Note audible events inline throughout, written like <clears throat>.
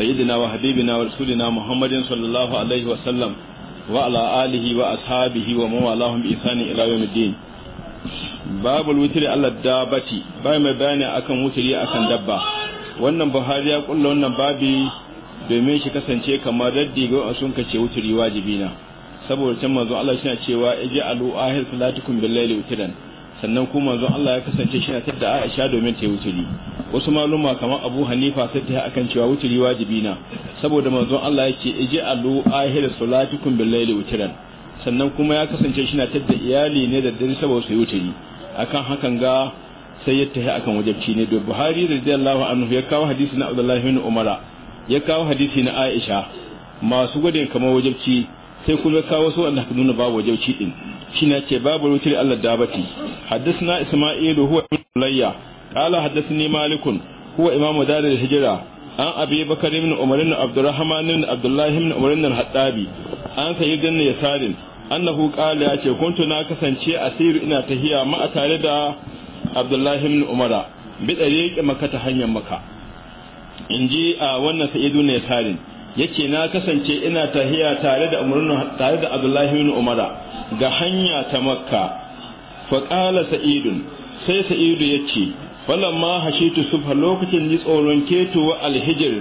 سيدنا وحبيبنا ورسولنا محمد صلى الله عليه وسلم وعلى آله وأصحابه ومن والاهم بإحسان إلى يوم الدين باب الوتر على الدابة باي ما بيان akan wutiri akan dabba wannan Buhari ya kulla wannan babi domin shi kasance kamar raddi ga sun kace wutiri wajibi na saboda can manzo Allah yana cewa ij'alu ahir salatukum bil-laili witran sannan kuma zuwa Allah ya kasance shi na tadda Aisha domin ta yi wuturi wasu maluma kamar Abu Hanifa sai ta akan cewa wuturi wajibi na saboda manzon Allah ya ce ij'alu ahir salatikum bil layli wutran sannan kuma ya kasance shi na tadda iyali ne da dare saboda su yi wuturi akan hakan ga sai ya tahi akan wajibci ne da Buhari radiyallahu anhu ya kawo hadisi na Abdullah ibn Umar ya kawo hadisi na Aisha masu gode kamar wajibci sai kuma kawo su wanda nuna babu wajauci din shine ce babu rutul Allah dabati haddathna isma'il huwa layya qala ni malikun huwa imam dar al-hijra an abi bakar ibn umar ibn abdurrahman ibn abdullah ibn umar ibn hattabi an sayyidin yasarin annahu qala ya ce kuntu na kasance asiru ina tahiya ma a tare da abdullah ibn umara bi dariqi ki ta hanyar makka inji a wannan ya yasarin yace na kasance ina tahiya tare da umrun tare da abdullahi bin umara ga hanya ta makka fa qala sa'idun sai sa'idu yace falamma hashitu subha lokacin ni tsoron keto wa alhijr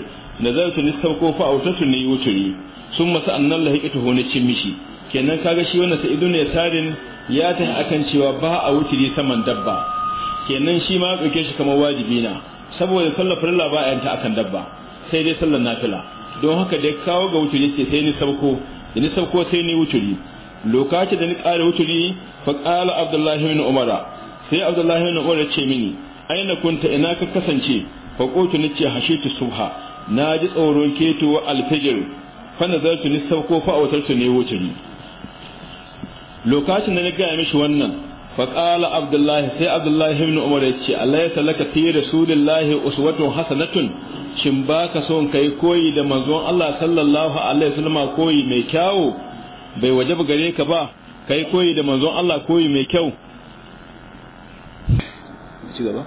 nazartu ni sauko fa autatu ni wuturi summa sa'annan lahiqatu hu ni cimishi kenan kaga shi wannan sa'idu ne tarin ya ta akan cewa ba a wuturi saman dabba kenan shi ma ya shi kamar wajibi na saboda sallar farilla ba a yanta akan dabba sai dai sallar nafila don haka da kawo ga wuturi ce sai ni sauko da ni sauko sai ni wuturi lokacin da ni ƙara wuturi fa qala abdullahi ibn umara sai abdullahi ibn umara ce mini aina kunta ina ka kasance fa qultu ni ce hashitu subha na ji tsoron keto wa alfijir fa nazartu ni sauko fa autartu ne wuturi lokacin da ni ga mishi wannan fa qala abdullahi sai abdullahi ibn umara ya ce Allah ya salaka fi rasulillahi uswatun hasanatun shin ba ka son kai koyi da manzon Allah sallallahu alaihi wasallam koyi mai kyau bai ba gare ka ba kai koyi da manzon Allah koyi mai kyau ci gaba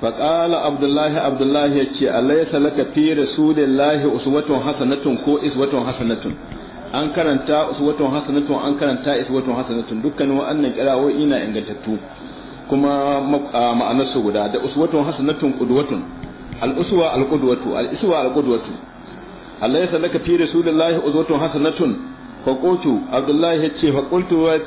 faƙala abdullahi abdullahi ya ce alaisa laka fi rasulillahi uswatun hasanatun ko iswatun hasanatun an karanta uswatun hasanatun an karanta iswatun hasanatun dukkanin wa'annan kirawo ina ingantattu kuma ma'anarsa guda da uswatun hasanatun qudwatun al-uswa al-qudwatu al-uswa al-qudwatu alaysa laka fi rasulillahi uswatun hasanatun fa qultu abdullahi yace fa qultu wa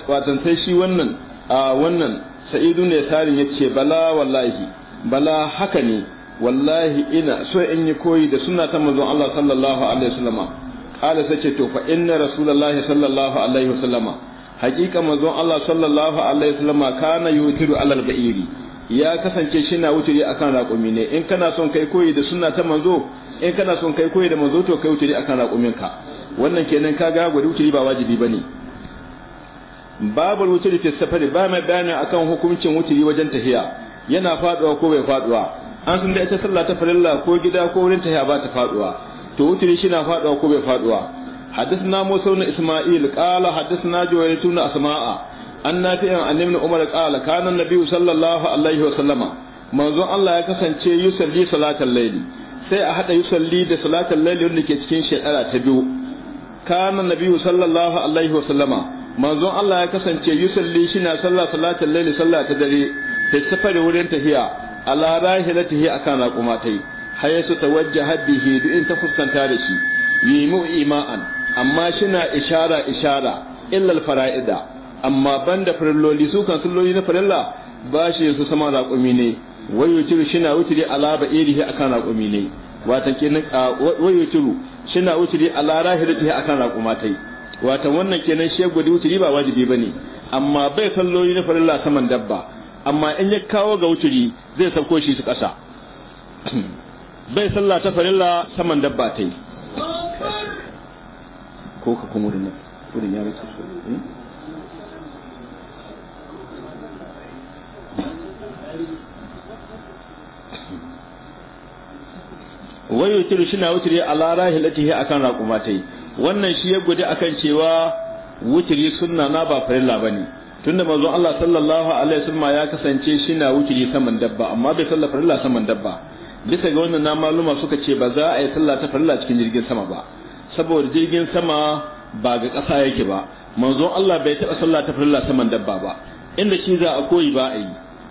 sai shi wannan a wannan sa'idu ne sarin yace bala wallahi bala haka ne wallahi ina so in yi koyi da sunna ta manzon Allah sallallahu alaihi wasallama qala sace to fa inna rasulullahi sallallahu alaihi wasallama haƙiƙa manzon Allah sallallahu alaihi wasallama kana yutiru alal ba'iri ya kasance shi na wuturi akan raƙumi ne in kana son kai koyi da sunna ta manzo in kana son kai koyi da manzo to kai wuturi akan raƙumin ka wannan kenan ka ga gudu wuturi ba wajibi bane babul wuturi fi safari ba mai bayani akan hukuncin wuturi wajen tahiya yana faduwa ko bai faduwa an san da ita sallah ta farilla ko gida ko wurin tahiya ba ta faduwa to wuturi shi na faduwa ko bai faduwa حدثنا موسى بن إسماعيل قال حدثنا جويرية بن أسماء أن نافع عن ابن عمر قال كان النبي صلى الله عليه وسلم manzon Allah ya kasance yusalli salatan layli sai a hada yusalli da salatan layli wanda ke cikin shekara ta biyu kana nabiyyu sallallahu alaihi wa sallama manzon Allah ya kasance yusalli shina sallah salatan layli sallah ta dare ta safari wurin tahiya ala rahilatihi akan raqumatai hayasu tawajjaha bihi duk in ta fuskanta da shi yimu ima'an amma shina ishara ishara illal fara'ida amma banda farilloli su kan sulloli na farilla ba shi su sama raƙumi ne wayo ciru shina wuturi ala ba irihi akan raƙumi ne watan kenan wayo ciru shina wuturi ala rahiratihi akan raƙumatai watan wannan kenan shegu gudu wuturi ba wajibi bane amma bai salloli na farilla saman dabba amma in ya kawo ga wuturi zai sauko shi su ƙasa <clears throat> bai sallah ta farilla saman dabba ta yi ko ka kuma rinna wurin ya rasu su eh? wani yutiru shi na wutiri a lara hilatihi akan raƙumatai wannan shi ya gudu akan cewa wutiri suna na ba farilla ba ne tunda manzo Allah sallallahu alaihi wasallam ya kasance shi na wutiri saman dabba amma bai salla farilla saman dabba bisa ga wannan na maluma suka ce ba za a yi salla ta farilla cikin jirgin sama ba saboda jirgin sama ba ga ƙasa yake ba manzon Allah bai taɓa sallah ta farilla saman dabba ba inda shi za a koyi ba a yi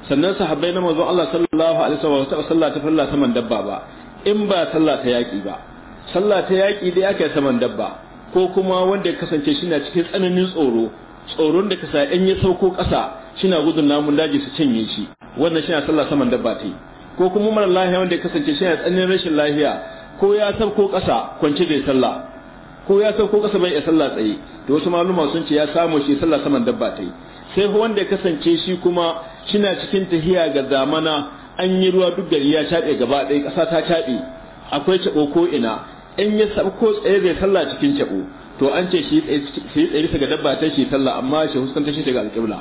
sannan sahabbai na manzon Allah sallallahu alaihi wasallam taɓa sallah ta farilla saman dabba ba in ba sallah ta yaƙi ba sallah ta yaƙi dai aka saman dabba ko kuma wanda ya kasance shi na cikin tsananin tsoro tsoron da kasa in ya sauko ƙasa shi na gudun namun daji su cinye shi wannan shi na sallah saman dabba ta yi ko kuma mara lahiya wanda ya kasance shi na tsananin rashin lahiya ko ya sauko ƙasa kwance bai sallah ko ya sauko kasa bai ya sallah tsaye to wasu maluma sun ce ya samu shi sallah saman dabba ta yi sai wanda ya kasance shi kuma shina cikin tahiya ga zamana an yi ruwa duk gari ya caɓe gaba ɗaya ƙasa ta caɓe akwai caɓo ko ina in ya ko tsaye zai sallah cikin caɓo to an ce shi tsaye tsaye ga dabba ta shi sallah amma shi huskanta shi daga alƙibla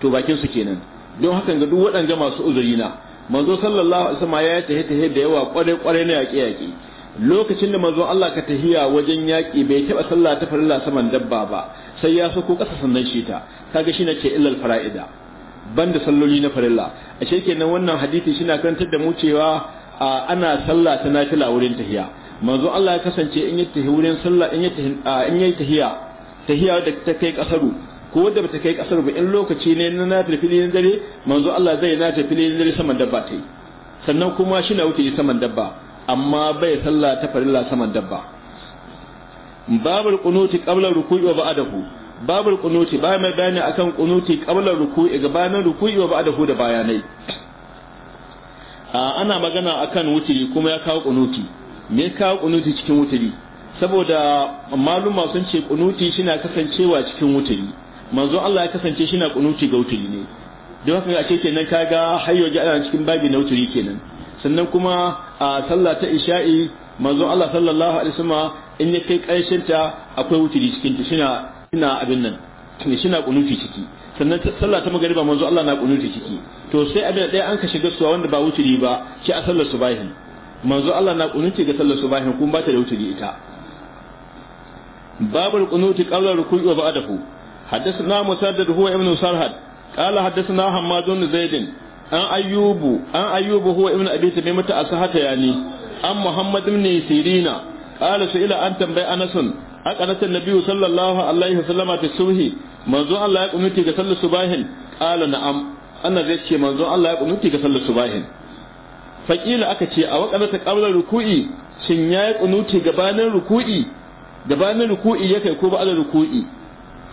to bakin su kenan don hakan ga duk waɗanda masu uzuri na manzo sallallahu alaihi wasallam ya tahe tahe da yawa ƙwarai kwarai na yaƙe yaƙe lokacin da manzon Allah ka tahiya wajen yaƙi bai taɓa sallah ta farilla saman dabba ba sai ya sako ƙasa sannan shi ta kaga shi ce illal fara'ida banda salloli na farilla ashe kenan wannan hadisi shina karantar da mu cewa ana sallah ta nafila wurin tahiya manzon Allah ya kasance in yi tahiya wurin sallah in yi in yi tahiya tahiya da ta kai kasaru ko da bata kai ƙasaru ba in lokaci ne na nafila filin dare manzon Allah zai nafila filin dare saman dabba ta yi sannan kuma shi na wuce saman dabba amma bai sallah ta farilla saman dabba babul qunuti qabla ruku'i wa ba'dahu babul qunuti bai mai bayani akan qunuti qabla ruku'i gabanin ruku'i wa ba'dahu da bayanai ana magana akan wuturi kuma ya kawo kunuti me kawo kunuti cikin wuturi saboda maluma sun ce kunuti shine kasancewa cikin wuturi manzo Allah ya kasance shine kunuti ga wuturi ne don haka a ce kenan kaga hayyo ji ana cikin babi na wutiri kenan sannan kuma a sallah ta isha'i manzon Allah sallallahu alaihi wasallam in ya kai karshen ta akwai wuturi cikin ta shina ina abin nan ne shina kunuti ciki sannan ta sallah ta magariba manzon Allah na kunuti ciki to sai abin da an ka shiga suwa wanda ba wuturi ba shi a sallar subahin manzon Allah na kunuti ga sallar subahin kuma ba ta da wuturi ita babul kunuti qabla ruku'i wa ba'dahu حدثنا مسدد هو ابن سرهد قال حدثنا حماد بن زيد an ayyubu an ayyubu huwa ibnu abi tamimata asahata yani an muhammad ibn sirina qala ila an tambayi anasun aqanatan nabiyyu sallallahu alaihi wasallam fi subhi manzo Allah ya kunuti ga sallar subahin qala na'am annabi zai ce manzo Allah ya kunuti ga sallar subahin faƙila aka ce a waƙanata ƙablar ruku'i shin ya yi ƙunuti gabanin ruku'i gabanin ruku'i ya kai ko ba'adar ruku'i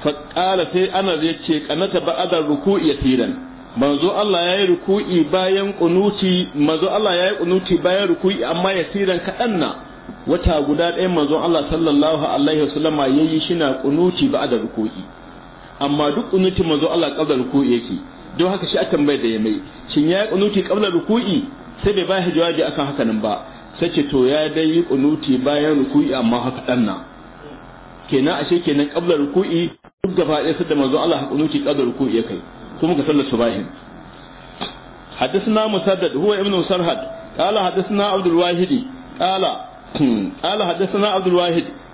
faƙala sai ana zai ce ƙanata ba'adar ruku'i ya tiran manzo Allah ya yi ruku'i bayan kunuti manzo Allah ya yi kunuti bayan ruku'i amma yasiran kaɗan na wata guda ɗaya manzo Allah sallallahu alaihi wasallam ya yi shi na kunuti ba da ruku'i amma duk kunuti manzo Allah kabla ruku'i yake don haka shi a tambayar da ya mai shin ya yi kunuti kabla ruku'i sai bai ba jawabi akan haka nan ba sai ce to ya dai yi kunuti bayan ruku'i amma haka ɗan na kenan ashe kenan kabla ruku'i duk gaba ɗaya sai da manzo Allah kunuti kabla ruku'i ya kai Kuma muka sallar su ba shi. Haddasu na Musa dada huwa inu Sarhad. Ƙala Haddasu na Abdulwahidi. Ƙala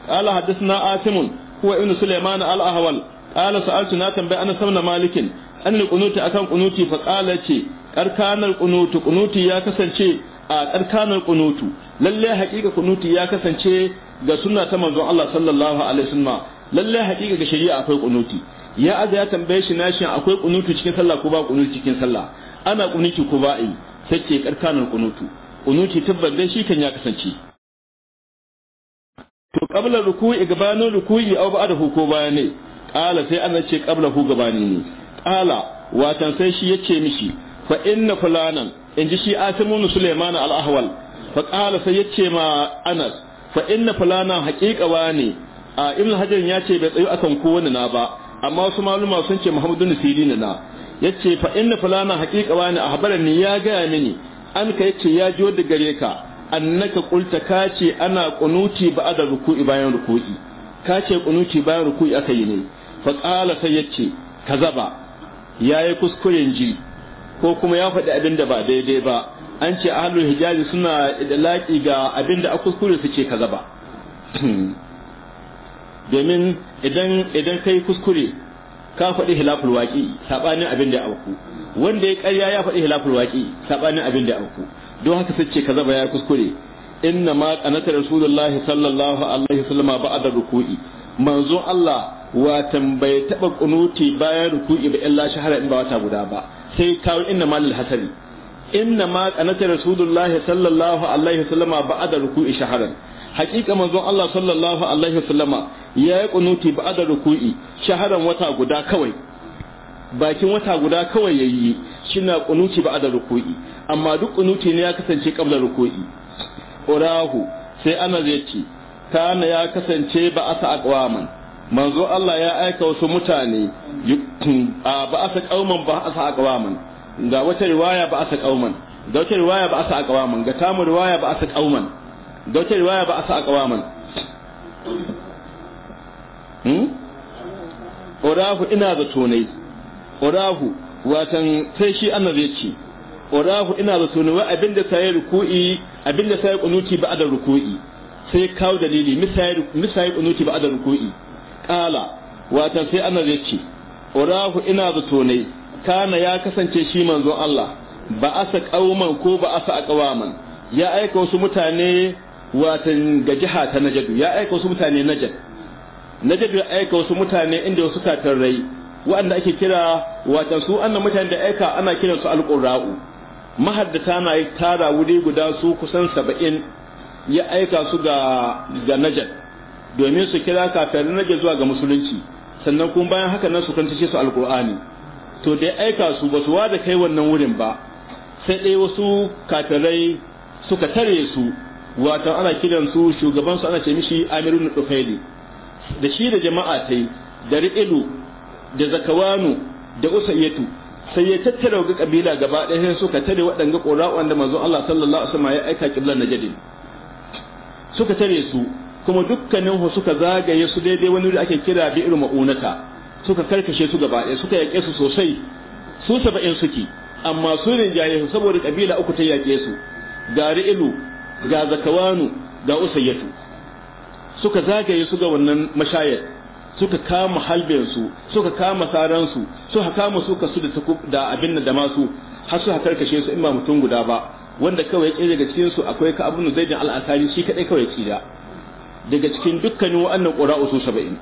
Haddasu na Asimun. Hauwa inu Suleiman Al'ahwal. Ƙala su Alcu na tambayi ana samna malikin An nama kunutu a kunuti fa ƙala ce. Ƙarkar kunutu kunuti ya kasance a ƙarkar kunutu. Lallai haƙiƙa kunutu ya kasance ga sunna ta mazan Allah Sallallahu alaihi wa ta'a lallai haƙiƙa shari'a akwai kunuti. ya aza ya tambaye shi nashi akwai kunutu cikin sallah ko ba kunutu cikin sallah ana kunutu ko ba yi sai ce karkanar kunutu kunutu tabbar dai shi kan ya kasance to qabla ruku'i gabanin ruku'i aw hu ko baya ne qala sai an ce qabla hu gabani ne qala watan sai shi yace mishi fa inna fulanan inji shi asimun sulaiman al-ahwal fa qala sai yace ma anas fa inna fulana haqiqa ne a ibn hajar ya ce bai tsayu akan kowanne na ba amma wasu maluma sun ce muhammadu nasirini na yace fa inna fulana haqiqa wani ni ya gaya mini an ka yace ya jiyo da gare ka annaka qulta ka ce ana qunuti da ruku'i bayan ruku'i ka ce qunuti bayan ruku'i aka yi ne fa qala sai yace kazaba yayi kuskuren ji ko kuma ya faɗi abin da ba daidai ba an ce ahlul hijazi suna da ga abin da a kuskure su ce kazaba <clears throat> domin idan idan kai kuskure ka faɗi hilaful waki saɓanin abin da ya auku wanda ya ƙarya ya faɗi hilaful waki saɓanin abin da ya auku don haka sai ce kaza ya kuskure inna ma qanata rasulullah sallallahu alaihi wasallam ba'da ruku'i manzon Allah watan bai taba kunuti bayan ruku'i ba illa shahara in ba wata guda ba sai kawo inna ma lil hasari inna ma qanata rasulullah sallallahu alaihi wasallam ba'da ruku'i shahara. haƙiƙa manzon Allah sallallahu alaihi wasallama ya yi kunuti da ruku'i shaharan wata guda kawai bakin wata guda kawai yayi shina kunuti da ruku'i amma duk kunuti ne ya kasance kabla ruku'i urahu sai ana yace kana ya kasance ba asa aqwaman manzo Allah ya aika wasu mutane ba asa qauman ba asa aqwaman ga wata riwaya ba asa qauman ga wata riwaya ba asa aqwaman ga tamu riwaya ba asa qauman da wata riwaya ba a sa aqwaman hmm urahu ina da tonai urahu watan sai shi annabi ya ce urahu ina da tonai wa abinda sai ruku'i abinda sai kunuti ba da ruku'i sai kawo dalili misali misali kunuti ba da ruku'i Kala watan sai annabi ya ce urahu ina da tonai kana ya kasance shi manzon Allah ba asa kauman ko ba asa aqwaman ya aika wasu mutane watan ga jiha ta najadu ya aika wasu mutane najad najad ya aika wasu mutane inda wasu tatarrai waɗanda ake kira watan su annan mutane da aika ana kiran su alqura'u mahaddata na tara wuri guda su kusan saba'in ya aika su ga ga najad domin su kira kafirin najad zuwa ga musulunci sannan kuma bayan haka nan su kantace su alqur'ani to da ya aika su ba su wada kai wannan wurin ba sai dai wasu kafirai suka tare su wato ana kiran su shugaban su ana ce mishi amirun dufaili da shi da jama'a yi da ri'ilu da zakawanu da usayyatu sai ya tattara ga kabila gaba ɗaya suka tare waɗanga ƙura wanda manzon Allah sallallahu alaihi wasallam ya aika kiblan najdin suka tare su kuma dukkanin su suka zagaye su daidai wani da ake kira bi'ir ma'unata suka karkashe su gaba ɗaya suka yaƙe su sosai su saba'in suke amma su ne su saboda kabila uku ta yaƙe su ga ri'ilu ga zakawanu ga usayyatu suka zagaye su ga wannan mashayar suka kama halbensu suka kama saransu suka kama su su da da abin da masu har suka karkashe su in ba mutum guda ba wanda kawai ya daga cikin su akwai ka abunu zaidin al-asari shi kadai kawai tsira daga cikin dukkanin wannan qura'u su 70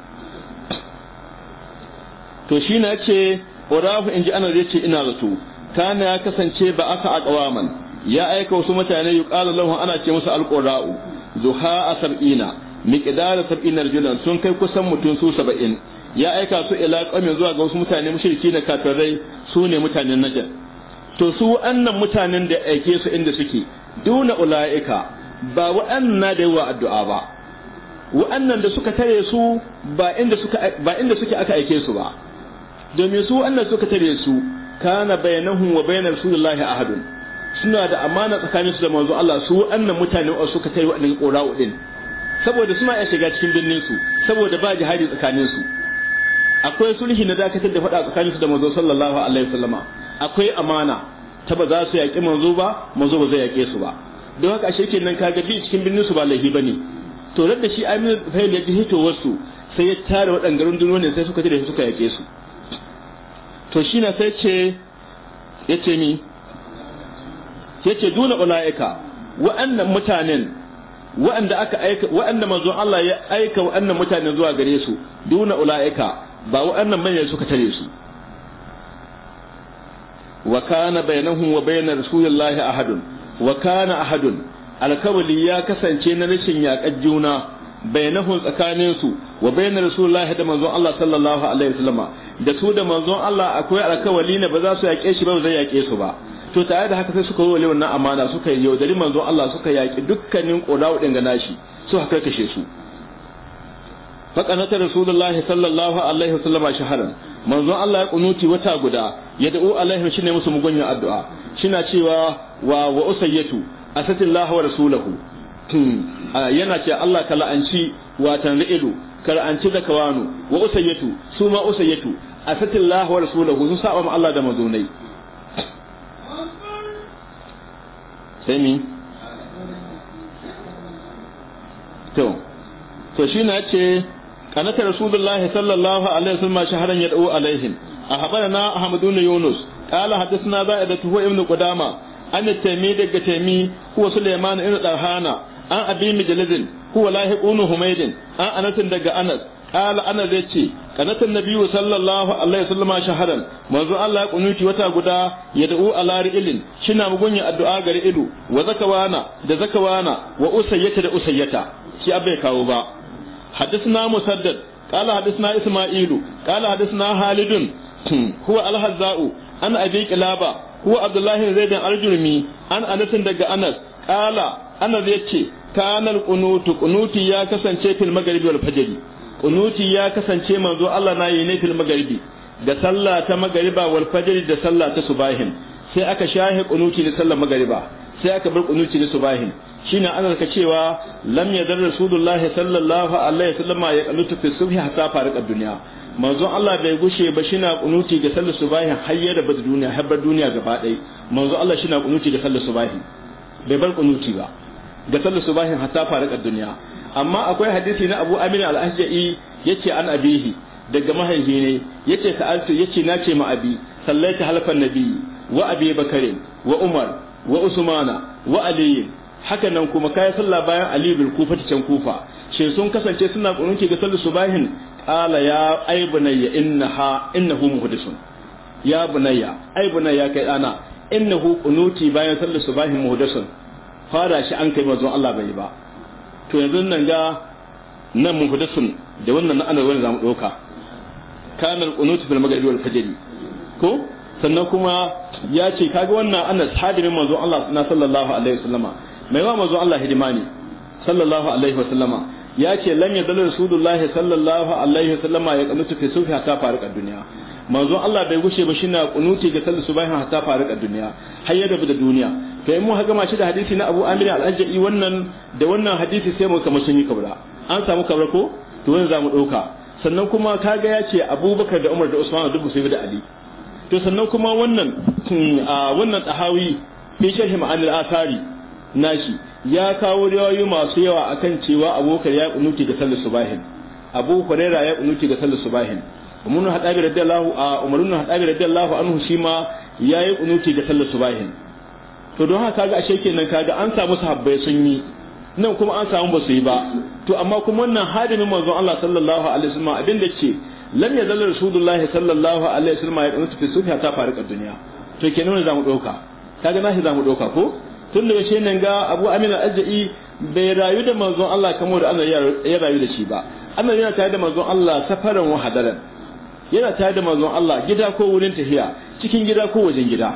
to shi na ce qura'u inji ana zai ce ina zato kana ya kasance ba aka aqwaman ya aika wasu mutane ƙara lahum ana ce musu alƙura'u zuha sab'ina miqdar sab'ina rajulan sun kai kusan mutum su saba'in. ya aika su ila qamin zuwa ga wasu mutane mushriki na kafirai su ne mutanen najar to su wa'annan mutanen da aike su inda suke duna ula'ika ba wa'annan da yawa addu'a ba wa'annan da suka tare su ba inda suka ba inda suke aka aike su ba domin su wa'annan suka tare su kana bainahum wa bainar rasulullahi ahadun suna da amana tsakaninsu da manzo Allah su wannan mutane wa suka tare waɗannan ƙora'u ɗin saboda suna iya shiga cikin birnin su saboda ba jihadi tsakanin su akwai sulhi na dakatar da faɗa tsakanin su da manzo sallallahu alaihi wasallama akwai amana ta ba za su yaƙi manzo ba manzo ba zai yaƙe su ba don haka ashe kenan kaga bi cikin birnin su ba laifi bane to da shi Aminu Fahim ya ji hitowarsu sai ya tare duniya ne sai suka tare suka yaƙe su to shi na sai ce ya ce ni yace duna ulaika wa'annan mutanen wa'anda aka aika wa'anda manzo Allah ya aika wa'annan mutanen zuwa gare su duna ulaika ba wa'annan manya suka tare su wa kana bainahum wa bain rasulillahi ahadun wa kana ahadun alkawli ya kasance na rashin yakar juna bainahum tsakanin su wa bain rasulillahi da manzo Allah sallallahu alaihi wasallama da su da manzon Allah akwai alkawali ne ba za su yaƙe shi ba ba zai yaƙe su ba to tare da haka sai suka wale wannan amana suka yi yaudari manzon Allah suka yaki dukkanin kodawo din gana shi su haka kashe su faƙanata rasulullahi sallallahu alaihi wasallama shaharan manzon Allah ya kunuti wata guda ya da'u alaihi shine musu mugunyin addu'a shina cewa wa wa usayyatu asatillahi wa rasulahu hmm, yana ce Allah ka la'anci watan ra'ilu ka la'anci zakawanu wa usayyatu su ma usayyatu asatillahi wa rasulahu sun saba Allah da manzonai sai mi to to shi na ce kanata rasulullah sallallahu alaihi wasallam shaharan yad'u alaihim na na ibn yunus qala hadathna za'idatu tuho ibn qudama an taimi daga taimi huwa sulaiman ibn darhana an abi mujallidin huwa lahiqun humaydin an anatin daga anas qala ana zai ce kanatan nabiyyu sallallahu alaihi wasallam shahadan manzo Allah ya kunuti wata guda ya da'u ala ilin shina ya addu'a gari ido wa zakawana da zakawana wa usayyata da usayyata shi abba ya kawo ba hadisna musaddad qala hadisna isma'ilu qala hadisna halidun huwa al-hazza'u an abi qilaba huwa abdullah bin zaid al-jurmi an daga anas qala anas yace kana al-qunut qunuti ya kasance fil maghribi wal fajr kunuti ya kasance manzo Allah na yi ne fil magaribi da sallah ta magariba wal fajr da sallah ta subahin sai aka shahi kunuti da sallar magariba sai aka bar kunuti da subahin shine an ka cewa lam yadar rasulullah sallallahu alaihi wasallam ya kunutu fi subhi hatta farqa dunya manzo Allah bai gushe ba shina kunuti ga sallar subahin har ya rabu duniya har bar duniya gaba dai manzo Allah shina kunuti ga sallar subahin bai bar kunuti ba ga sallar subahin hatta farqa dunya amma akwai hadisi na Abu amin al-Ahja'i yace an abihi daga mahaifi ne yace sa'altu yace na ce ma abi sallaita halfan nabi wa abi bakare wa umar wa usmana wa ali haka nan kuma kai sallah bayan ali bil kufa can kufa she sun kasance suna kununki ga sallar subahin qala ya aybunayya innaha innahu muhdisun ya bunayya aybunayya kai ana innahu qunuti bayan sallu subahin muhdisun fara shi an kai manzon Allah bai ba to yanzu nan ga nan mun sun da wannan na wani zamu dauka kamar qunutu fil maghribi wal fajr ko sannan kuma ya ce kaga wannan anas hadimin manzo Allah na sallallahu alaihi wasallama mai wa manzo Allah hidima ne sallallahu alaihi wasallama ya ce lam yadallu rasulullah sallallahu alaihi wasallama ya qunutu fi sufi hatta faruqa dunya manzon Allah bai gushe ba shi na kunuti ga sallu subhanahu hatta faruq ad-dunya har ya da duniya to in mun gama shi da hadisi na Abu Amir al-Ajja'i wannan da wannan hadisi sai mu kama sun yi kabra an samu kabra ko to wannan zamu dauka sannan kuma kaga ya ce Abubakar da Umar da Usman duk su da Ali to sannan kuma wannan hmm, wannan tahawi fi sharhi ma'anil athari nashi ya kawo riwayoyi masu yawa akan cewa abokar ya kunuti ga sallar subahin abu huraira ya kunuti ga sallar subahin umarun hadabi radiyallahu a umarun hadabi radiyallahu anhu shi ma yayi kunuti ga sallar subahin to don haka kaga ashe kenan kaga an samu sahabbai sun yi nan kuma an samu ba su yi ba to amma kuma wannan hadimin manzon Allah sallallahu alaihi wasallam abin da ke lam yazal rasulullah sallallahu alaihi wasallam ya dauki fi sufiya ta faru duniya to kenan ne zamu dauka kaga nashi zamu dauka ko tun da yace nan ga Abu Amin al-Ajai bai rayu da manzon Allah kamar da Allah ya rayu da shi ba annabi yana tare da manzon Allah safaran wahadaran yana tare da manzon Allah gida ko wurin tahiya cikin gida ko wajen gida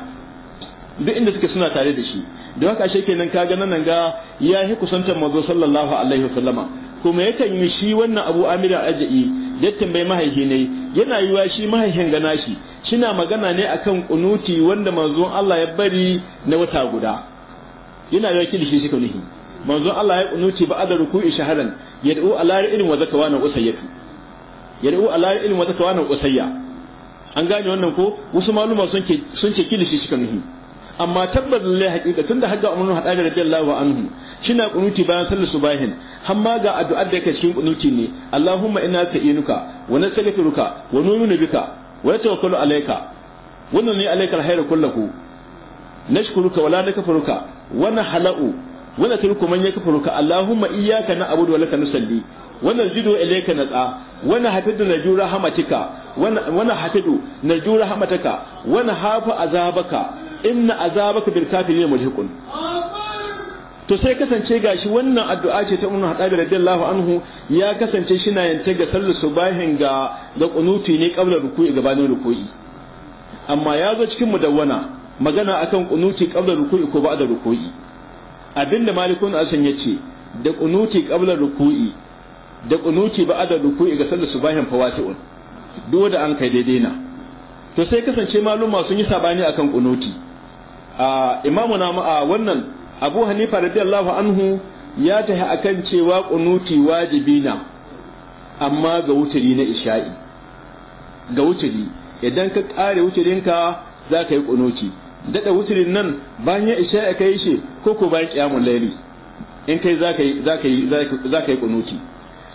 duk inda suke suna tare da shi da haka ashe kenan ga nan ga ya yi kusantar manzo sallallahu alaihi wasallama kuma yakan yi shi wannan abu amira aja'i ya tambayi mahaifi ne yana yi wa shi mahaifin gana shi shina magana ne akan kunuti wanda manzon Allah ya bari na wata guda yana yiwa kilishi shi nuhi manzon Allah ya kunuti ba adar ruku'i shaharan yad'u ala ilmin wa zakawana usayyatu yad'u ala ilmin wa zakawana usayya an gane wannan ko wasu maluma sun ce kilishi shi nuhi. amma tabbas lalle hakika tunda hajja umrun hadabi radiyallahu anhu shina kunuti bayan sallar subahin hamma ga addu'ar da yake cikin kunuti ne Allahumma inna ta'inuka wa nastaghfiruka wa nu'minu bika wa natawakkalu alayka wa nunni alayka alkhayra kullahu nashkuruka wa la nakfuruka wa nahla'u wa natruku man yakfuruka Allahumma iyyaka na'budu wa laka nusalli wa tsa ilayka nat'a wa nahfidu najura wani wa nahfidu najura hamataka wa nahfa azabaka inna azabaka bil kafirin mulhiqun to sai kasance gashi wannan addu'a ce ta Ibn Hadabi radiyallahu anhu ya kasance shi na yanta ga sallar subahin ga ga kunuti ne kabla ruku'i gabanin ruku'i amma ya zo cikin mudawwana magana akan kunuti kabla ruku'i ko ba'da ruku'i abinda malikun asan yace da kunuti kabla ruku'i da kunuti ba'da ruku'i ga sallar subahin fawasi'un duk da an kai daidai na to sai kasance maluma sun yi sabani akan kunuti imamu na wannan abu hanifa radiyallahu anhu ya tahi akan cewa kunuti wajibi na amma ga wuturi na isha'i ga wuturi idan ka kare wuturinka za ka yi kunuti daɗa wuturin nan bayan ya isha'i ka yi shi ko ko bayan ƙyamun laili in kai za ka yi kunuti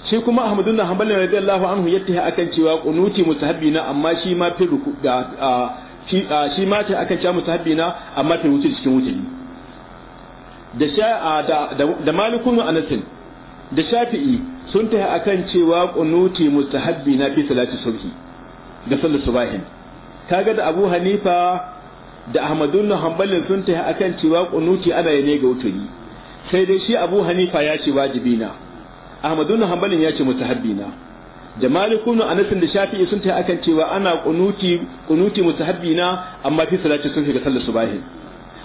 shi kuma ahmadun hanbali radiyallahu anhu ya tahi akan cewa kunuti musu na amma shi ma fi shi shi mata akan ci mustahabbi na amma fi wuce cikin wuce da sha da da malikun anasin da shafi'i sun tafi akan cewa qunuti mustahabbi na fi salati subhi da sallar subahin kaga da Abu Hanifa da Ahmadun Hanbalin sun tafi akan cewa qunuti ana ne ga wuturi sai dai shi Abu Hanifa ya ce wajibi na Ahmadun Hanbalin ya ce mustahabbi na da maliku ibn da shafi'i sun tayi akan cewa ana kunuti kunuti mustahabbi amma fi salati sun shiga sallar subahi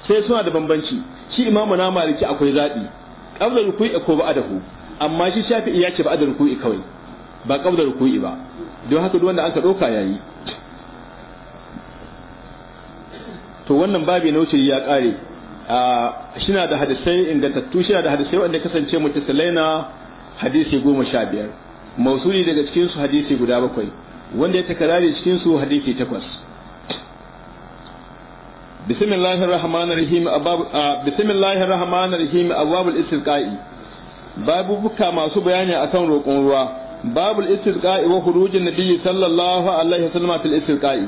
sai suna da bambanci shi imamu na maliki akwai zabi qabla ruku'i ko ba'dahu amma shi shafi'i ya ce ba'da ruku'i kawai ba qabla ruku'i ba don haka duk wanda aka doka yayi to wannan babi na wuce ya kare shina da hadisai ingantattu shina da hadisai wanda kasance mutasalai na hadisi goma sha biyar mausuli daga cikin su hadisi guda bakwai wanda ya takarari cikin su hadisi takwas bismillahir rahmanir rahim abwabul istiqai babu buka masu bayani akan roƙon ruwa babul istiqai wa khurujin nabiyyi sallallahu alaihi wasallam fil istiqai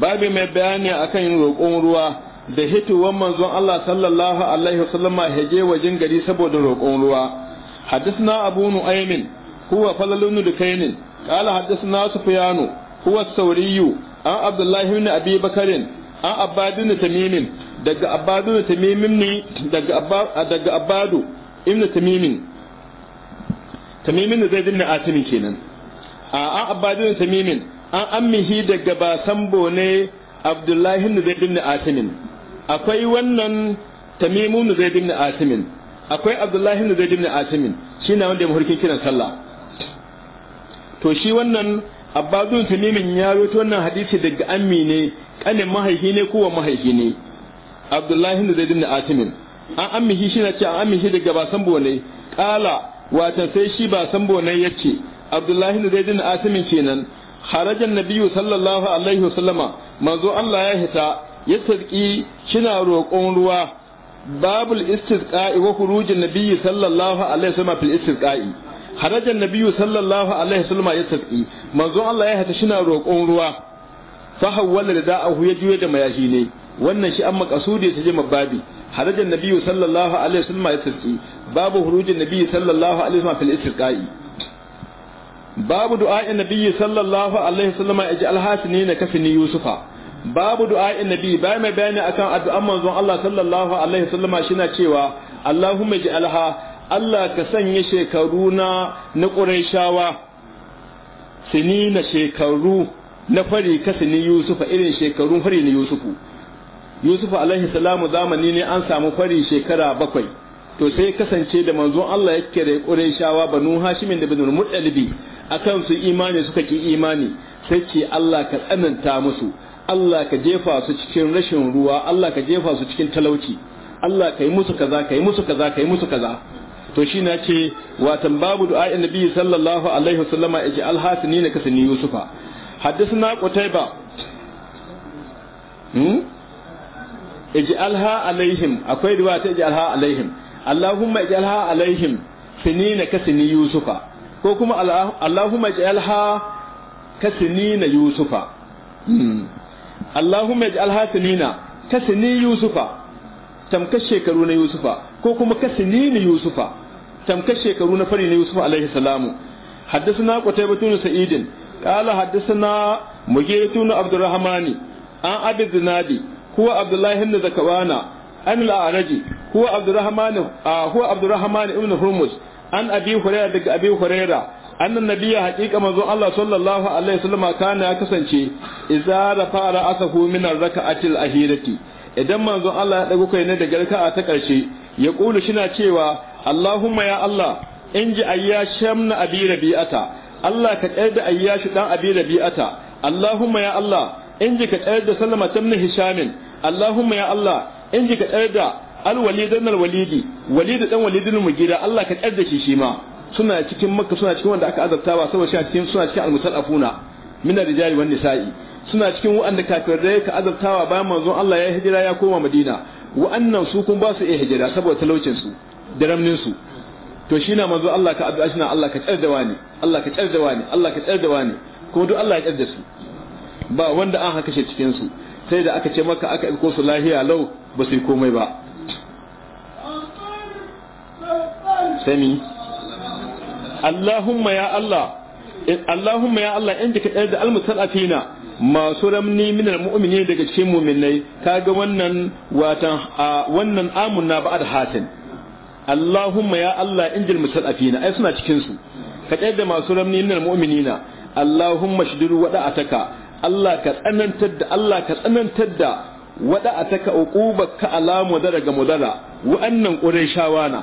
babu mai bayani akan roƙon ruwa da hitowar manzon Allah sallallahu alaihi wasallam hege wajen gari saboda roƙon ruwa حدثنا أبو نؤيم huwa falalun dukainin qala haddathna sufyanu huwa as-sawriyu an abdullahi ibn abi bakarin an abadun tamimin daga abadun tamimin daga abadu ibn tamimin tamimin da zaid ibn kenan a abadun tamimin an دغ daga basambo ne abdullahi بن زيد بن عاصم akwai wannan tamimun zaid ibn asim akwai abdullahi bin zaid ibn asim shine wanda ya muhurkin kiran sallah to shi wannan abbadun tunimin ya rawaito wannan hadisi daga ammi ne kanin mahaifi ne kowa mahaifi ne abdullahi da zaidin atimin an ammi shi na ce an shi daga ba sambo ne kala watan sai shi ba sambo ne ya ce abdullahi da zaidin atimin kenan harajan nabiyu sallallahu alaihi wasallama manzo Allah ya hita ya tarki kina roƙon ruwa babul istisqa'i wa khurujin nabiyyi sallallahu alaihi wasallam fil istisqa'i harajan nabiyyu sallallahu alaihi wasallam ya tafi manzon Allah ya hata shina roƙon ruwa fa hawwala da da'ahu ya juye da mayashi ne wannan shi an makasudi ta jima babi harajan nabiyyu sallallahu alaihi wasallam ya tafi babu hurujin nabiyyu sallallahu alaihi wasallam fil istisqa'i babu du'a'in nabiyyi sallallahu alaihi wasallam ij'al hasini na kafini yusufa babu du'a'in nabiyyi bai mai bayani akan addu'an manzon Allah sallallahu alaihi wasallam na cewa Allahumma Alha. Allah ka sanya shekaru na na ƙurayshawa sini na shekaru na fari ka sini Yusufa irin shekarun fari na Yusufu Yusufu alaihi salamu zamani ne an samu fari shekara bakwai to sai kasance da manzo Allah ya kere ƙurayshawa banu Hashimin da banu ɗalibi. akan su imani suka ki imani sai ce Allah ka tsananta musu Allah ka jefa su cikin rashin ruwa Allah ka jefa su cikin talauci Allah ka yi musu kaza ka yi musu kaza ka yi musu kaza to shi na ce watan babu du'a'in nabi sallallahu alaihi wasallama yaji alhasini na kasani yusufa haddathana qutayba hmm ij'alha alaihim akwai riwaya ta ij'alha alaihim allahumma ij'alha alaihim sinina kasani yusufa ko kuma allahumma ij'alha na yusufa hmm. allahumma ij'alha sinina kasani yusufa tamkar shekaru na yusufa ko kuma kasani kasini yusufa tamkar shekaru na fari na Yusuf alaihi salamu haddasana qutaybah bin sa'id qala haddasana mugira bin abdurrahmani an abi zinadi huwa abdullah ibn zakwana an al-araji huwa abdurrahman huwa abdurrahman ibn an abi hurayra daga abi hurayra anna nabiyya haqiqa mazu Allah sallallahu alaihi wasallam kana ya kasance idza rafa ra'sahu min ar-rak'atil ahirati idan manzo Allah ya dago kai ne daga ta karshe ya qulu shina cewa Allahumma ya Allah in ji ayyasham na abi rabi'ata Allah ka tsayar da ayyashi dan abi rabi'ata Allahumma ya Allah in ji ka tsayar da Salama tamni Hishamin Allahumma ya Allah in ka tsayar da alwalidan alwalidi walidi dan walidin mugira Allah ka tsayar da shi suna cikin makka suna cikin wanda aka azabtawa saboda shi cikin suna cikin almusallafuna min rijali wan nisa'i suna cikin wa'anda kafirai ka azabtawa bayan manzon Allah ya hijira ya koma Madina wa'annan su kun basu iya hijira saboda talaucin su da ramnin su to shi na mazu Allah ka addu'a shi na Allah ka tsar da wani Allah ka tsar da wani Allah ka tsar da wani kuma duk Allah ya tsar da su ba wanda an haka shi cikin su sai da aka ce maka aka iko su lahiya lau ba su yi komai ba sani Allahumma ya Allah Allahumma ya Allah in ka tsar da almusalafina masu ramni min almu'mini daga cikin mu'minai kaga wannan watan wannan amunna ba'ad hatin Allahumma ya Allah injil mustadafina ai suna cikin su ka tsayar da masu ramni minal mu'minina Allahumma shdiru wada ataka Allah ka tsanantar da Allah ka tsanantar da wada ataka uqubaka ala mudara ga mudara wa'annan qurayshawa na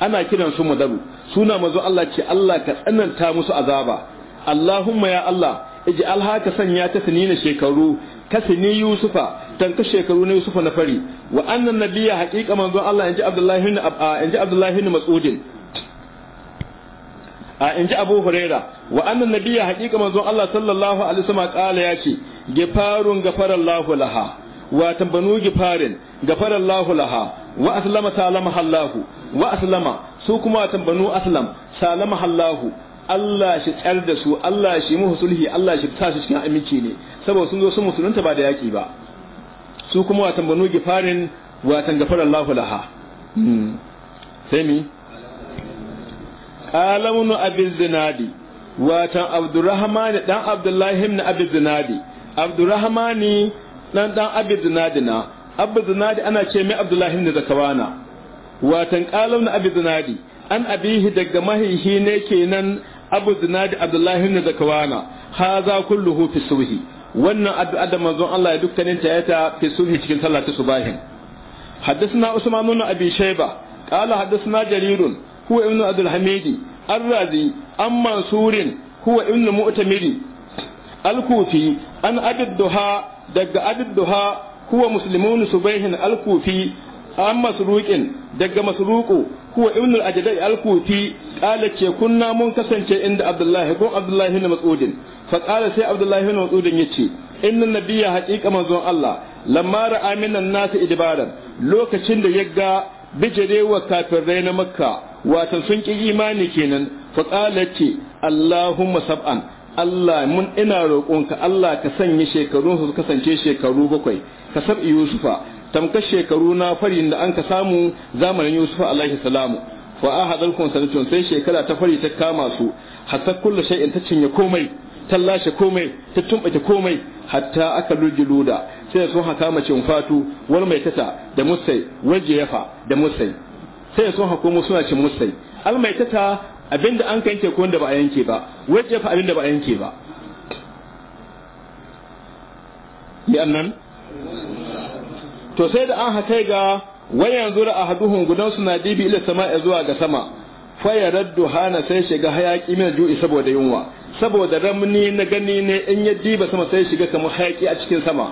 ana kiran su mudaru suna mazo Allah ce Allah ka tsananta musu azaba Allahumma ya Allah ij'al haka sanya ta sanina shekaru kasini yusufa tanka shekaru na Yusufa na fari wa annan nabiya haƙiƙa manzon Allah inji Abdullahi ibn inji Abdullahi ibn Mas'udin a inji Abu Huraira wa annan nabiya haƙiƙa manzon Allah sallallahu alaihi wasallam kala yace gifarun gafarallahu laha wa tambanu gifarin gafarallahu laha wa aslama salama hallahu wa aslama su kuma tambanu aslam salama hallahu Allah shi tsar da su Allah shi muhu sulhi Allah shi sa cikin aminci ne saboda sun zo sun musulunta ba da yaki ba su kuma watan banu gifarin watan gafara Allahu laha hmm. sai mi qalamun abiz zinadi watan abdurrahman dan abdullahi ibn abin zinadi abdurrahmani dan dan abiz zinadi na abin zinadi ana ce mai abdullahi ibn kawana. watan qalamun abin zinadi an abihi daga mahihi ne kenan abu zinadi abdullahi da ibn zakawana haza kulluhu fi suhi wannan addu'a da manzon Allah ya dukkanin ta yata fi subhi cikin sallah ta subahin haddathna usman ibn abi shayba qala haddathna Jarirun, huwa ibn abdul hamid ar-razi am huwa ibn mu'tamir al-kufi an abid duha daga abid duha huwa muslimun subayhin al-kufi an daga masruqu huwa ibn al-ajdai al-kufi qala ce kunna mun kasance inda abdullahi gon abdullahi ibn mas'udin faƙala sai abdullahi bin mas'udin ya ce inna biya haƙiƙa manzon Allah lamma ra'a minan nasu idbaran lokacin da ya ga bijirewa kafirai na makka watan sun ki imani kenan faƙala ce allahumma sab'an Allah mun ina roƙonka Allah ka sanya shekarun su kasance shekaru bakwai ka sab yusufa tamka shekaru na farin da an ka samu zamanin yusufa alaihi salamu fa ahadalkum sanatun sai shekara ta fari ta kama su hatta kullu shay'in ta cinye komai tallashe komai ta tumbace komai hatta aka luda. sai sun haka macin fatu wal mai tata da musai wal jefa da musai sai sun hako mu suna cin musai al mai tata abinda an kanke ko wanda ba a yanke ba wal jefa abinda ba a yanke ba annan to sai da an haka ga wayan zura haduhun gudan suna dibi ila sama'a zuwa ga sama fa raddu hana sai shiga hayaki min ju'i saboda yunwa saboda ramni na gani ne in ya diba sama sai shiga kamar haƙi a cikin sama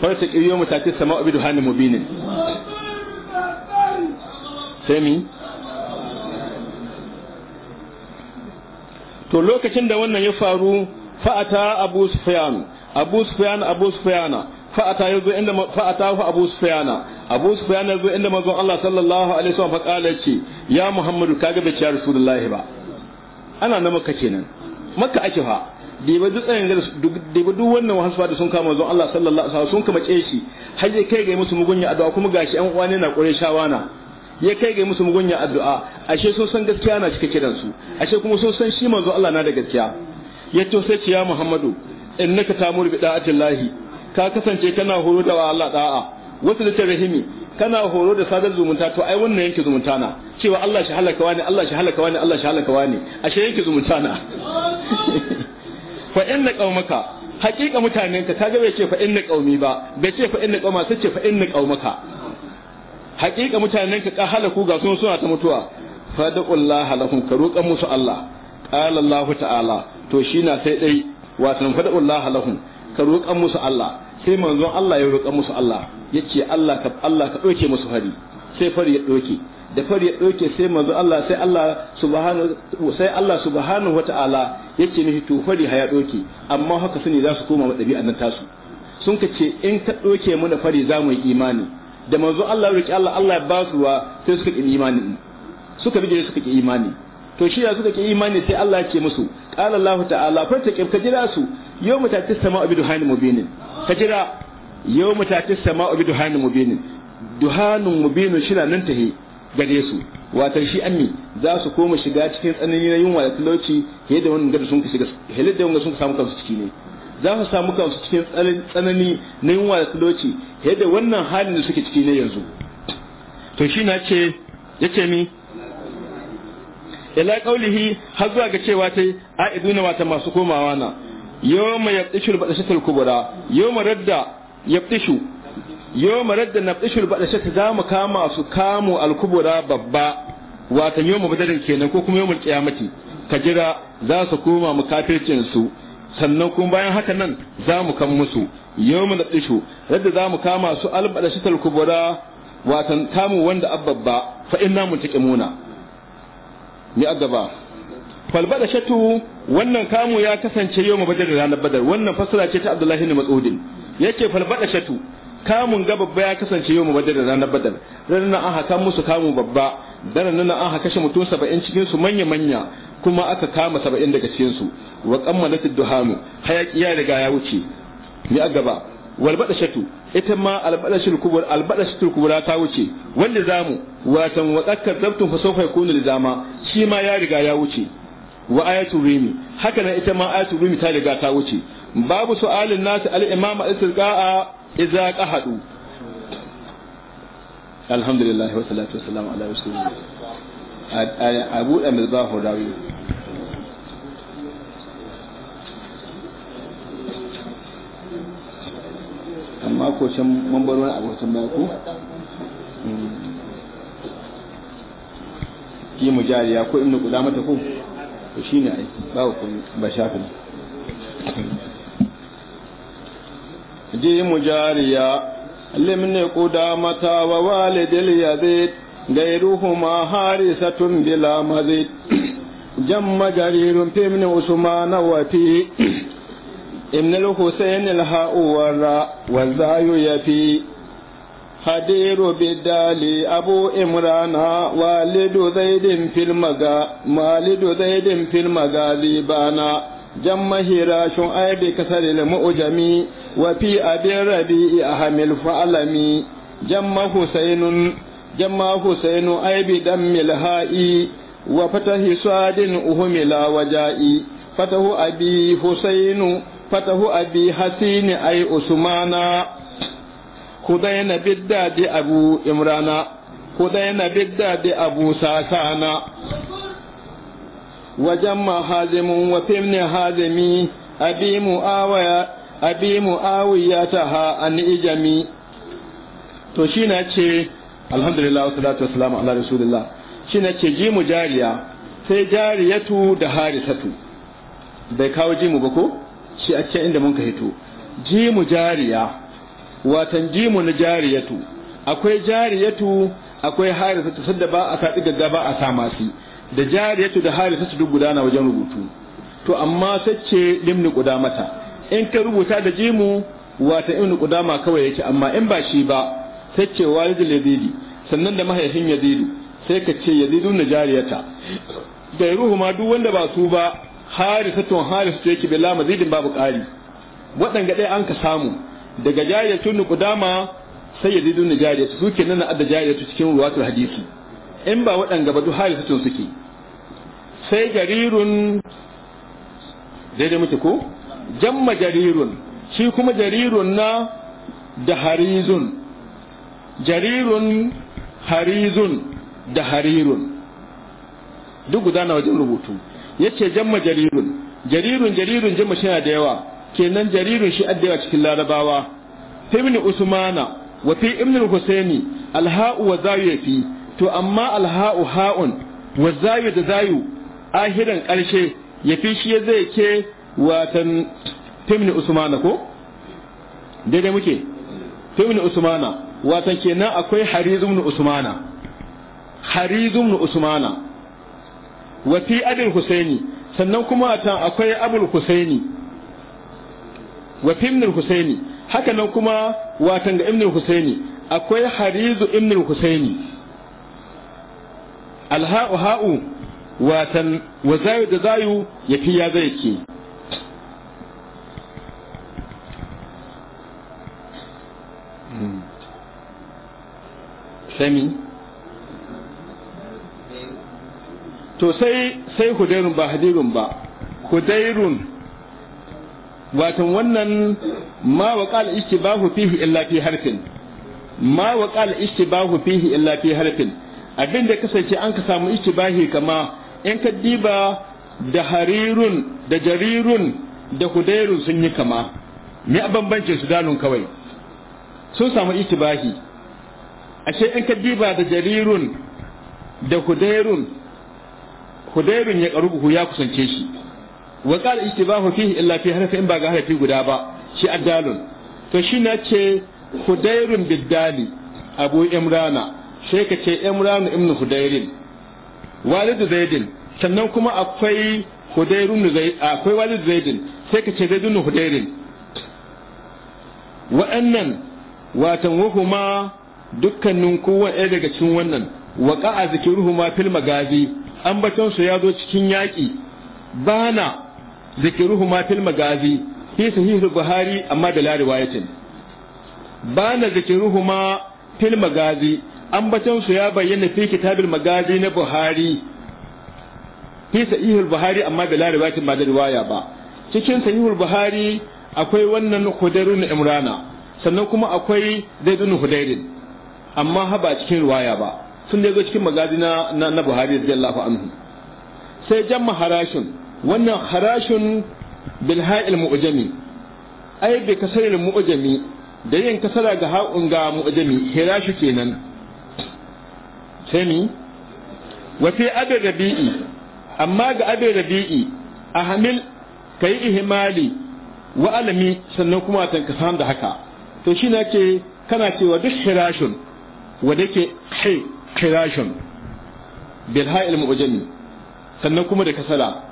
farta kiriyo mutace sama abidu hanin mubinin sami to lokacin da wannan ya faru fa'ata abu sufyan abu sufyan abu sufyana fa'ata yazo inda fa'ata fa abu sufyana abu sufyana yazo inda manzon Allah sallallahu alaihi wasallam fa kala ce ya muhammadu kaga bai ci rasulullahi ba ana nan maka kenan makka ake fa diba duk tsayin ba duk wannan wahansuwa da sun kama zuwa Allah sallallahu alaihi wasallam sun kama shi har ya kai ga musu mugunya addu'a kuma gashi ƴan uwa ne na ƙureshawa shawana ya kai ga musu mugunya addu'a ashe sun san gaskiya na cika kiran su ashe kuma sun san shi manzo Allah na da gaskiya ya to sai ce ya Muhammadu innaka tamuru bi da'atillahi ka kasance kana horo da Allah da'a wasu da rahimi kana horo da sadar zumunta to ai wannan yanke zumunta na cewa Allah shi halaka wani Allah shi halaka wani Allah shi halaka wani ashe yanke zumunta na <laughs> fa inna qaumaka haƙiƙa mutanenka kaga bai ce fa inna qaumi ba bai ce fa inna qauma sai ce fa inna qaumaka haƙiƙa mutanenka ka halaku ga sun suna ta mutuwa fa daqullaha lahum ka roƙan musu Allah qala Allahu ta'ala to shi na sai dai wato fa daqullaha lahum ka roƙan musu Allah sai manzon Allah ya roƙa musu Allah ya ce Allah ka Allah ka ɗauke musu fari sai fari ya ɗauke da fari ya ɗauke sai manzon Allah sai Allah subhanahu sai Allah subhanahu wata'ala ya ce mishi to fari ha ya ɗauke amma haka sani za su koma ma ɗabi'an nan tasu sun ka ce in ka ɗauke mana fari za mu yi imani da manzon Allah ya roƙi Allah Allah ya ba su wa sai suka ƙi imani suka rige suka ƙi imani to shi ya suka ke imani sai Allah ce musu qala Allah ta'ala fa ta ka jira su yawma tatis sama'u bi duhani mubinin ka jira yawma tatis sama'u bi duhani mubinin duhanun mubinin shi na nan tahi gare su wato shi ammi za su koma shiga cikin tsanani na yunwa da talauci yadda wannan gadi sun shiga da wanda sun samu kansu ciki ne za su samu kansu cikin tsanani na yunwa da talauci yadda wannan halin da suke ciki ne yanzu to shi na ce ce mi ila qaulihi har zuwa ga cewa tai aiduna wata masu komawa na yawma yabtishul badashatul kubra yawma radda yabtishu yawma radda nabtishul badashat za mu kama su kamu al kubra babba wata yawma badarin kenan ko kuma yawmul qiyamati ka jira za su koma mu kafircin su sannan kuma bayan haka nan za mu kan musu yawma nabtishu radda za mu kama su al badashatul kubra watan kamu wanda ababba fa inna muntakimuna ni a gaba falbada shatu wannan kamu ya kasance yau mabadar da ranar badar wannan fasara ce ta abdullahi ne matsudin yake falbada shatu kamun ga babba ya kasance yau mabadar da ranar badar ranar an haka musu kamu babba daren nan an haka kashe mutum saba'in cikin su manya manya kuma aka kama saba'in daga cikin su wa kammalat duhamu hayaki ya riga ya wuce ni a gaba walbadashatu ita ma albadashatul kubra albadashatul kubra ta wuce wanda zamu watan wa tsakkar zabtun fa sawfa yakunu lizama shi ma ya riga ya wuce wa ayatul rimi haka nan ita ma ayatul rimi ta riga ta wuce babu su'alin nasu al-imam al tilqa'a idza qahadu alhamdulillah wa salatu wa salam ala rasulillah abu da mizbahu amma ko can mambar wani abu san baku ki mu jariya ko inna mata ku to shine ai ba ku ba shafin ji mu jariya alle min ne qudamata wa walidil yazid gairuhuma harisatun bila mazid jamma jarirun fi min usmana wa fi ابن الحسين الهاؤور والزاي يفي حدير بالدالي أبو إمرانا والد زيد في المغا والد زيد في المغازي بانا جم هراش أيد كسر المؤجمي وفي أبي ربيع أهم الفعلمي جم حسين جم حسين أي بدم الهائي وفتح سعد أهم لا وجائي فتح أبي حسين fatahu abi hasini ay usmana hudayna biddadi abu imrana hudayna biddadi abu sasana وجمع هازم وفمن هازمي أبي معاوية abi mu'awiyataha an ijami to shi na ce alhamdulillah wa salatu wa salamu ala rasulillah shi na ce jimu jariya sai jariyatu da harisatu bai kawo jimu ba ko shi a can inda mun ka hito jimu jariya watan jimu na jariyatu akwai jariyatu akwai harisa ta sadda ba a sa ɗiga ba a sa masu da jariyatu da ta su duk gudana wajen rubutu to amma sace limni mata in ka rubuta da jimu wata guda ma kawai yake amma in ba shi ba sace walid yazidi sannan da mahaifin yazidu sai ka ce yazidu na jariyata da ruhu ma duk wanda ba su ba harisatun harisu yake lama zidin babu ƙari waɗanga ɗaya an ka samu daga jariyatun ni kudama sai ya zidun jariyatu su ke nuna adda jariyatu cikin ruwatul hadisi in ba waɗanga ba duk harisatun suke sai jarirun daidai muke ko jamma jarirun shi kuma jarirun na da harizun jarirun harizun da harirun duk gudana wajen rubutu yace jamma jarirun jarirun jarirun jamma shi da yawa kenan jarirun shi addewa cikin larabawa ibn usmana wa fi ibn husaini alha'u wa zayu fi to amma alha'u ha'un wa zayu da zayu ahiran karshe yafi shi zai ke watan ibn usmana ko daidai muke ibn usmana watan kenan akwai harizun usmana harizun usmana Wafi fi abin husaini sannan kuma a akwai abul husaini wafi fi ibn husaini haka nan kuma watan ga ibn husaini akwai harizu ibn husaini alha'u ha'u watan wa zayu da zayu ya fi ya zai ke hmm. sami to sai sai hudairun ba hadirun ba hudairun watan wannan ma wa qala ishtibahu fihi illa fi harfin ma wa qala ishtibahu fihi illa fi harfin abinda kasance an ka samu istibahi kama in ka diba da harirun da jarirun da hudairun sun yi kama me a bambancin su danun kawai sun samu istibahi ashe in ka diba da jarirun da hudairun hudaybin ya qarubuhu ya kusance shi wa qala ishtibahu fihi illa fi harfi in ba ga harfi guda ba shi addalun to shi na ce hudayrun biddali abu imrana sai ka ce imrana ibnu hudayrin walidu zaidin sannan kuma akwai hudayrun akwai walidu zaidin sai ka ce zaidun hudayrin wa'annan watan wahuma dukkanin kowa ɗaya daga cikin wannan wa ka'a ma fil magazi ambatonsu ya zo cikin yaƙi bana zikiruhu ma fil magazi fi sahihul buhari amma da la riwayatin bana zikiruhu ma fil magazi ambatonsu ya bayyana fi kitabil magazi na buhari fi sahihul buhari amma da la riwayatin ba da riwaya ba cikin sahihul buhari akwai wannan hudairun imrana sannan kuma akwai zaidun hudairin amma ba cikin riwaya ba sun da cikin magadi na na Buhari radiyallahu anhu sai jamma harashin wannan harashin bil ha'il mu'jami ai bi kasaril mu'jami da yin kasara ga ha'un ga mu'jami hirashu kenan sai ni wa fi abi rabi'i amma ga abi rabi'i ahmil kai ihmali wa alami sannan kuma tan kasan da haka to shi na kana cewa duk hirashin wa dake hai kirashun bilha'il mu'ajjami sannan kuma da kasala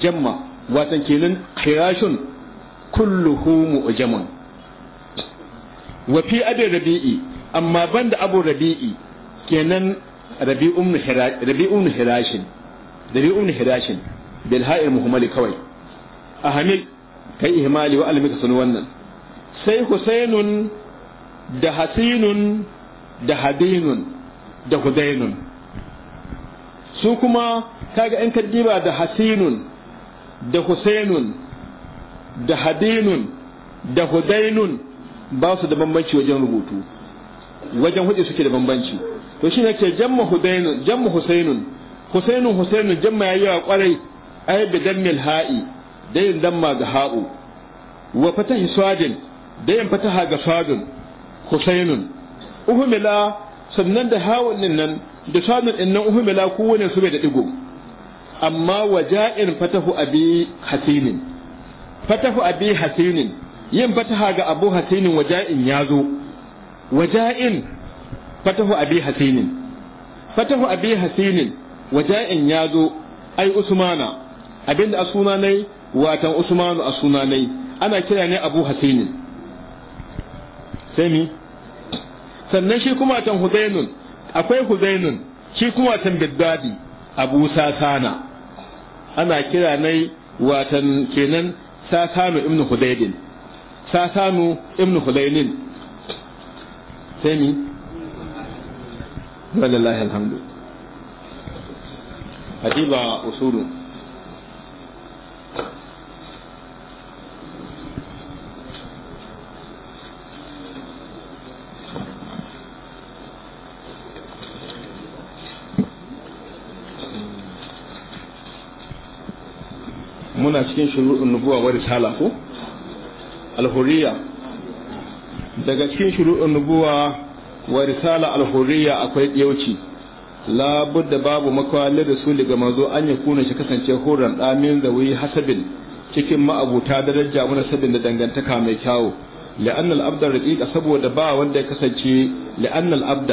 jamma watan kenan kirashun kulluhu mu'ajjamun wa fi abin rabi'i amma banda abu rabi'i kenan rabi'un rabi'un hirashin rabi'un hirashin bilha'il muhammali kawai a hamil kai ihmali wa almika sun wannan sai husainun da hasinun da habinun da hudainun su kuma kaga in kaddiba da hasinun da husainun da hadinun da hudainun ba su da bambanci wajen rubutu wajen hudu suke da bambanci to shi ce jamma hudainun jamma husainun husainun husainun jamma yayi wa kwarai ay bi dammil ha'i dai damma ga ha'u wa fatahi swadin dai fataha ga swadin husainun uhumila sannan da hawan din nan da shanun din nan uhumila kowane su bai da digo amma waja'in fatahu abi hasinin fatahu abi hasinin yin fataha ga abu hasinin waja'in ya zo waja'in fatahu abi hasinin fatahu abi hasinin waja'in ya zo ai usmana abinda a suna nai watan usmanu a suna nai ana kira ne abu hasinin sai mi sannan shi kuma tan huzainun akwai huzainun shi kuma tan biddadi abu sasana ana kira nai watan kenan sasanu ibn hudaydin sasanu ibn hudaydin sai ni wallahi alhamdulillah adiba usulun cikin shuru'un nubuwa wa risala ko al huriyya daga cikin shuru'un nubuwa wa risala al huriyya akwai yauci la budda babu makwali rasuli ga manzo an ya kuna shi kasance horan damin wuyi hasabin cikin ma'abuta daraja mun sabin da dangantaka mai kyawu لأن الأبد رقيق سبو دبا وند كسنشي لأن الأبد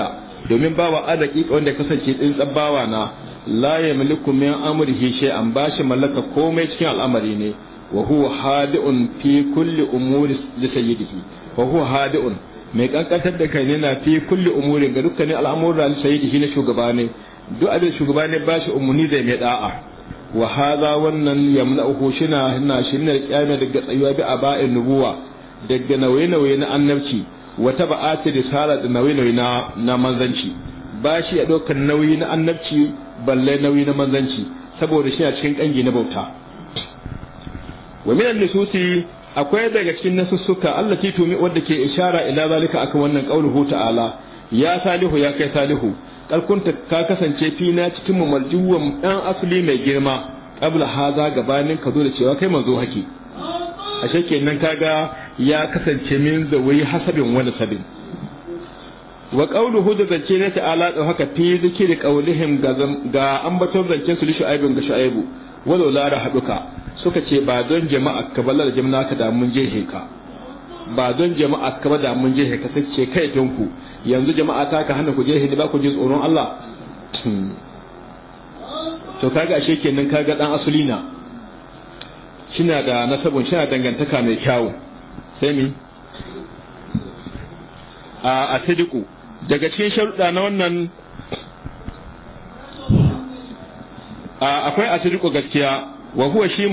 domin bawa an raƙiƙa wanda ya kasance ɗin tsabbawa na la yamliku min amrihi shay'an bashi mallaka komai cikin al'amari ne wa huwa hadi'un fi kulli umuri li sayyidihi wa huwa hadi'un mai kankantar da kai ne na fi kulli umuri ga dukkanin al'amuran li sayyidihi na shugaba ne duk abin shugaba ne bashi umuni zai mai da'a wa hadha wannan yamna'uhu shina na shinar kiyama daga tsayuwa bi aba'in nubuwa daga nauye-nauye na annabci wata ba'ati risala da nauye-nauye na manzanci ba shi ya ɗaukar nauyi na annabci balle nauyi na manzanci saboda shi a cikin ƙangi na bauta wa minan nususi akwai daga cikin nasussuka Allah tumi wanda ke ishara ila zalika akan wannan qauluhu ta'ala ya salihu ya kai salihu kalkunta ka kasance fina cikin mu maljuwan dan asali mai girma qabla haza gabanin ka zo da cewa kai manzo haki ashe kenan kaga ya kasance min zawai hasabin wani sabin wa qawluhu hudu zance na ta'ala da haka fi zikiri qawlihim ga ambaton zancen su li shu'aibin ga shu'aibu walau la rahaduka suka ce ba don jama'a ka ballar jama'a ka da mun je heka ba don jama'a ka ba da mun je heka sai ce kai tonku yanzu jama'a ta ka hana ku je heka ba ku ji tsoron Allah hmm. to kaga ashe kenan kaga dan asuli na shina da nasabun shina dangantaka mai kyau sai mi a asidiku daga cikin sharuɗa na wannan akwai a gaskiya wa huwa shi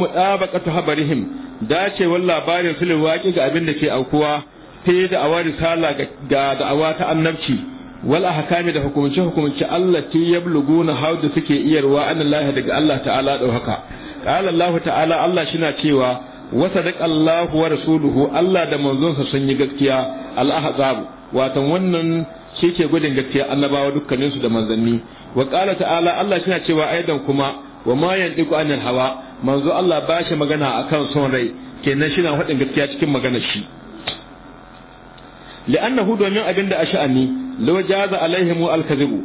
ta habarihim dacewar labarin su liwaki ga abin da ke aukuwa fi da awa risala ga da'awa ta annabci wal ahkami da hukumce hukumce Allah ti yabluguna haudu suke iyarwa anallahi daga Allah ta'ala da haka qala Allah ta'ala Allah shina cewa wa sadaqa Allah wa rasuluhu Allah da sa sun yi gaskiya al ahzab watan wannan shi ke gudun gaskiya annabawa dukkaninsu da manzanni wa qala ta'ala Allah shi na cewa aidan kuma wa ma yandiku anil hawa manzo Allah ba shi magana akan son rai kenan shi na faɗin gaskiya cikin maganar shi li'annahu domin abinda asha'ani law jaza alaihimu al-kadhibu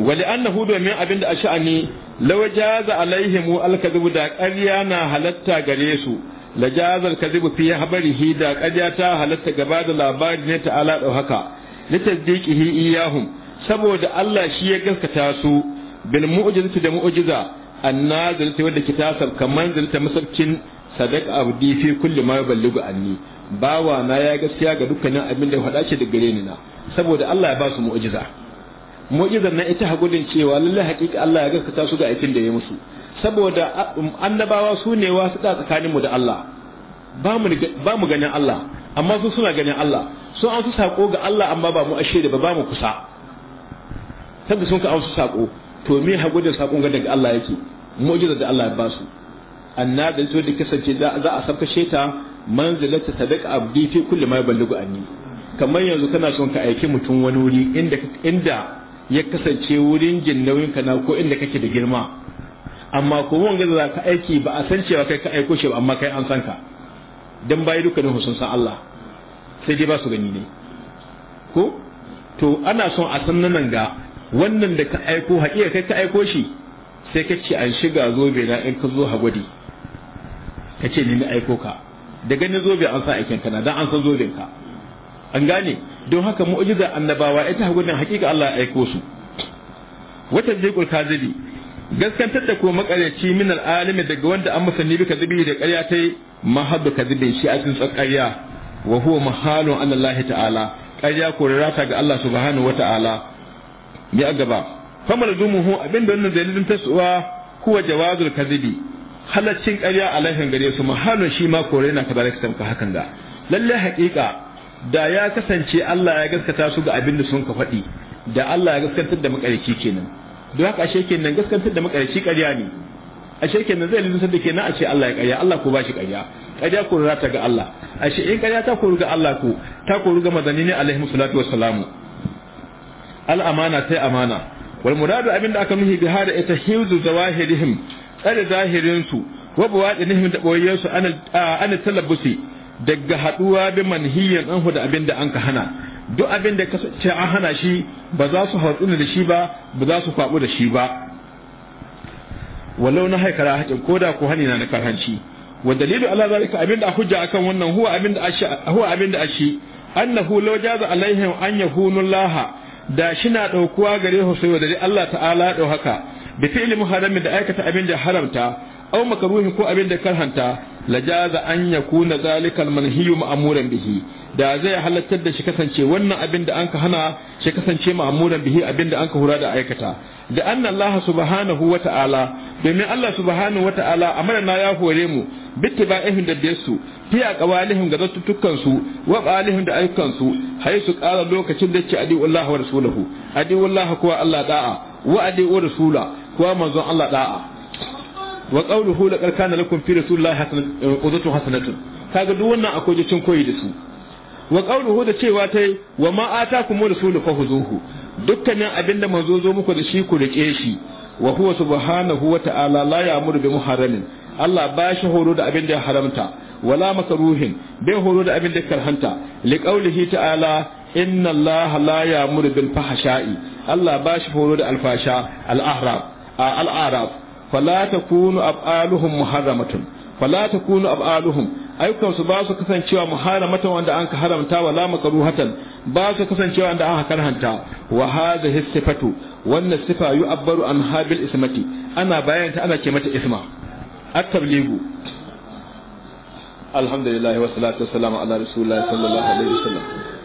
wa li'annahu domin abinda asha'ani law jaza alaihimu al-kadhibu da ƙarya na halatta gare su la jazal kadhibu fi habarihi da kadiya ta halatta gaba da labari ne ta ala da haka li tasdiqihi iyahum saboda Allah shi ya gaskata su bil mu'jizati da mu'jiza annazilati wadda ki tasar kaman zalta masarkin sadaka abdi fi kulli ma yuballigu anni bawa na ya gaskiya ga dukkanin abin da faɗa shi da gare ni na saboda Allah ya ba su mu'jiza mu'jizar na ita hagudin cewa lallai haƙiƙa Allah ya gaskata su ga aikin da ya musu saboda um, annabawa su ne wasu da tsakaninmu da Allah ba mu ganin Allah amma su suna ganin Allah sun an su saƙo ga Allah amma ba mu ashe da ba mu kusa saboda sun ka an su saƙo to me hagu da saƙon ga daga Allah yake mu'jiza da Allah ya ba su anna da zo da kasance za a sabkashe ta manzilata sadiq abdi fi kulli ma yaballugu anni kamar yanzu kana son ka aiki mutum wani wuri inda inda ya kasance wurin jin ka na ko inda kake da girma amma ko wanga za ka aiki ba a san cewa kai ka aiko shi ba amma kai an san ka dan bai dukkanin husun san Allah sai dai ba su gani ne ko to ana son a san nan ga wannan da ka aiko haƙiƙa kai ka aiko shi sai ka ce an shiga zobe na in ka zo ha gwadi ka ce ni na aiko ka da ganin zobe an sa aikin kana dan an san zoben ka an gane don haka mu'jiza annabawa ita ha gwadin haƙiƙa Allah ya aiko su wata jikul kazibi gaskantar da ko makaryaci min al'alimi daga wanda an musanni bi kadibi da ƙarya tai mahaddu kadhibin shi a cikin ƙarya wa huwa mahalun an Allah ta'ala ƙarya ko rarata ga Allah subhanahu wa ta'ala ya gaba kamar dumuhu abinda wannan dalilin tasuwa huwa jawazul kadibi halaccin ƙarya a laifin gare su mahalun shi ma kore na kabaraka tamka hakan da. lalle haƙiƙa da ya kasance Allah ya gaskata su ga abin da sun ka faɗi da Allah ya gaskantar da makaryaci kenan don haka ashe kenan gaskantar da makarci ƙarya ne ashe kenan zai lissar da kenan a ce Allah ya ƙarya Allah ko bashi ƙarya ƙarya ko ta ga Allah ashe in ƙarya ta koru ga Allah ko ta koru ga madani ne alaihi salatu wassalamu al amana sai amana wal muradu abinda aka nuhi bi hada ita hifzu zawahirihim tsare zahirin su wa nihim da boyyen su ana ana talabbusi daga haduwa bi manhiyan anhu da abinda an ka hana duk abin da kasance an hana shi ba za su hatsuna da shi ba ba za su faɓu da shi ba walau na haikara ko da ko hani na na karhanci wa dalilu ala zalika abin da hujja akan wannan huwa abin da ashi huwa abin da ashi annahu law jaza alaihim an yahunu Allah da shi na daukuwa gare su sai da Allah ta'ala dau haka bi fi'li muharramin da aikata abin da haramta aw makruhi ko abin da karhanta la jaza an yakuna zalikal manhiyu ma'muran bihi da zai halattar da shi kasance wannan abin da anka hana shi kasance ma'amuran bihi abin da anka hura da aikata da anna Allah subhanahu wa ta'ala domin Allah subhanahu wa ta'ala amarna ya hore mu Bitti bittiba'ihim da su fi a qawalihim ga zattutukan su wa qalihim da ayyukan su hay su qala lokacin da ce adi Allah wa rasuluhu adi Allah kuwa Allah da'a wa adi wa rasula kuwa manzon Allah da'a wa qawluhu laqad kana lakum fi rasulillahi hasanatun eh, qudwatun hasanatun kaga duk wannan akwai jin koyi da su wa qawluhu da cewa tai wa ma atakum fa fahuzuhu dukkanin abin da manzo zo muku da shi ku rike shi wa huwa subhanahu wa ta'ala la ya'muru bi muharramin Allah ba shi horo da abin da ya haramta wala makruhin bai horo da abin da ya karhanta li qawlihi ta'ala inna Allah la ya'muru bil fahsha'i Allah ba shi horo da alfasha al-ahrab al-arab fala takunu abaluhum muharramatun fala takunu abaluhum. ayyukansu ba su kasancewa muharamatan wanda an ka haramta wala makruhatan ba su kasancewa wanda an karhanta wa hadhihi sifatu wannan sifa yu'abbaru an habil ismati ana bayan ta ana ce mata isma at-tabligu alhamdulillah wa salatu wassalamu ala rasulillah sallallahu alaihi wasallam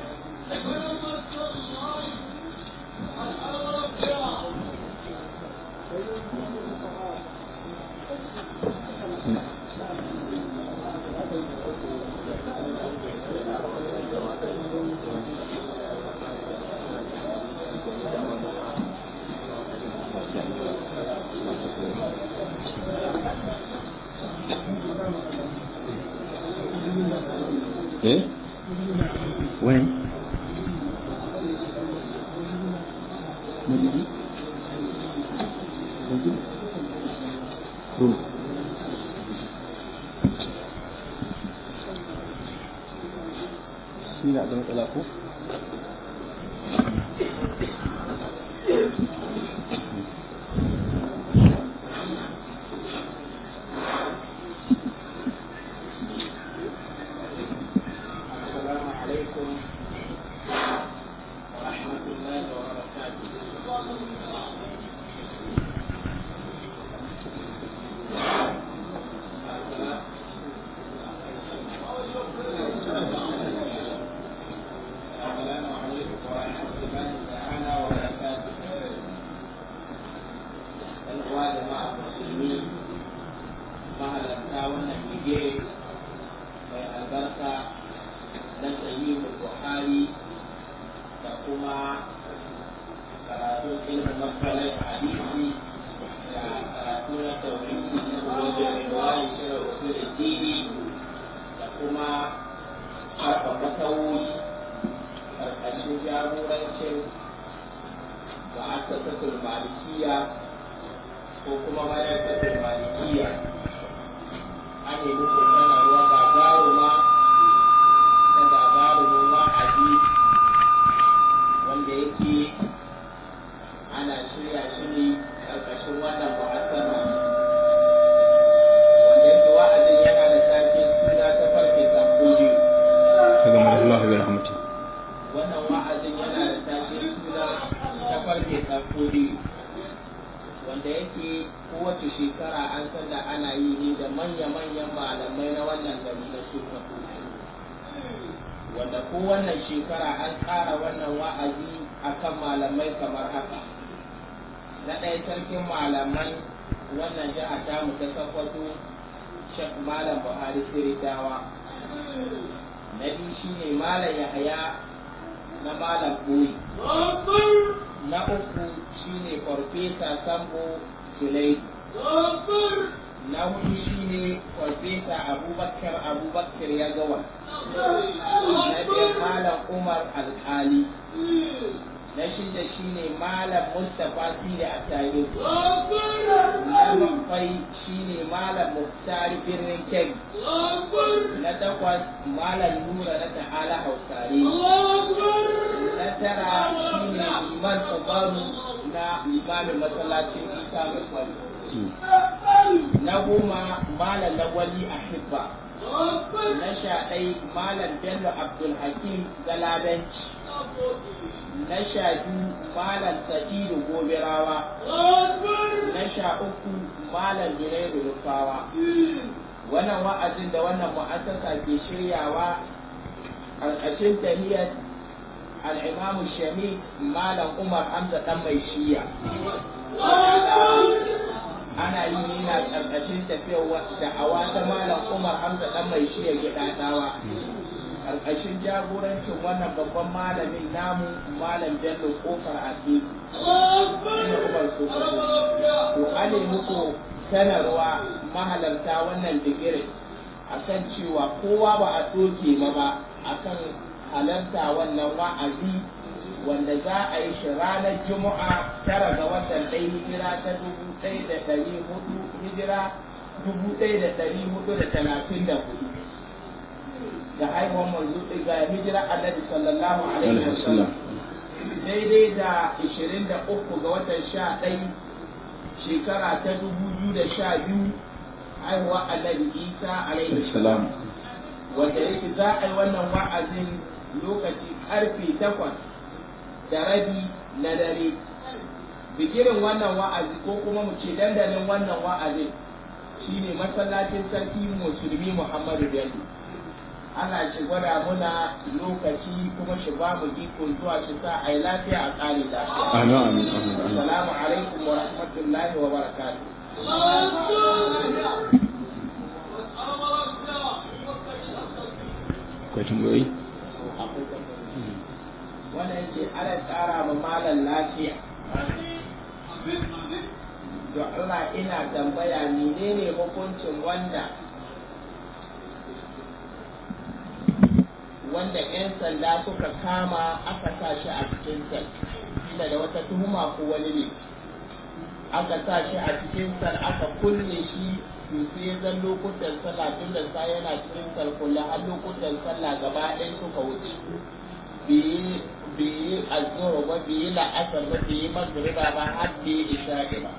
shine farfesa sambo sulai na hudu shine farfesa abubakar abubakar ya gawa na biyar malam umar alkali na shida shine malam mustapha sile a tare na bakwai shine malam muftari birnin kebbi na takwas malam nura na ta'ala hausare na tara shine iman tabaru na limamin masallacin isa maswali hmm. na goma malam lawali a hibba na sha ɗai malam bello abdulhakim galadanci na sha biyu malam sa'idu gobirawa na sha uku malam junaidu rufawa wannan wa'azin da wannan mu'assasa ke shiryawa ƙarƙashin tahiyar al'imamu shami malam umar hamza dan mai shiya ana yi yana ƙarƙashin tafiyar da'awa ta malam umar hamza dan mai shiya ƙarƙashin jagorancin wannan babban malamin namu malam bello kofar asiri ina umar kofar to ale muku sanarwa mahalarta wannan digirin akan cewa kowa ba a doke ba ba akan halarta wannan wa'azi wanda za a yi shi ranar juma'a tara ga watan ɗaya hijira ta dubu ɗaya da ɗari hudu hijira dubu ɗaya da ɗari hudu da talatin da hudu ga haihuwar manzo ga hijira annabi sallallahu alaihi wa sallam, daidai da ishirin da uku ga watan sha 11 shekara ta dubu biyu da sha 2012 haihuwa annabi isa alaihi salam wanda yake za a yi wannan wa'azin lokaci karfe takwas da rabi na dare bigirin wannan wa'azi ko kuma mu ce dandalin wannan wa'azin shine masallacin sarki musulmi muhammadu bello ana shi gwada muna lokaci kuma shi ba mu iko zuwa shi sa a yi lafiya a tsari lafiya. Amin alaikum wa rahmatullahi wanda yake ana tsara ma malam lafiya da Allah ina tambaya menene hukuncin wanda wanda 'yan sanda suka kama aka sa shi a cikin sal Ina da wata tuhuma ko wani ne aka sa shi a cikin sal aka kulle shi sai zan lokutan sallah tun da sa yana cikin sal kullum har lokutan sallah gaba ɗaya suka wuce bai yi azzuwa ba bai yi la'asar ba bai yi magriba ba har bai yi isha'i ba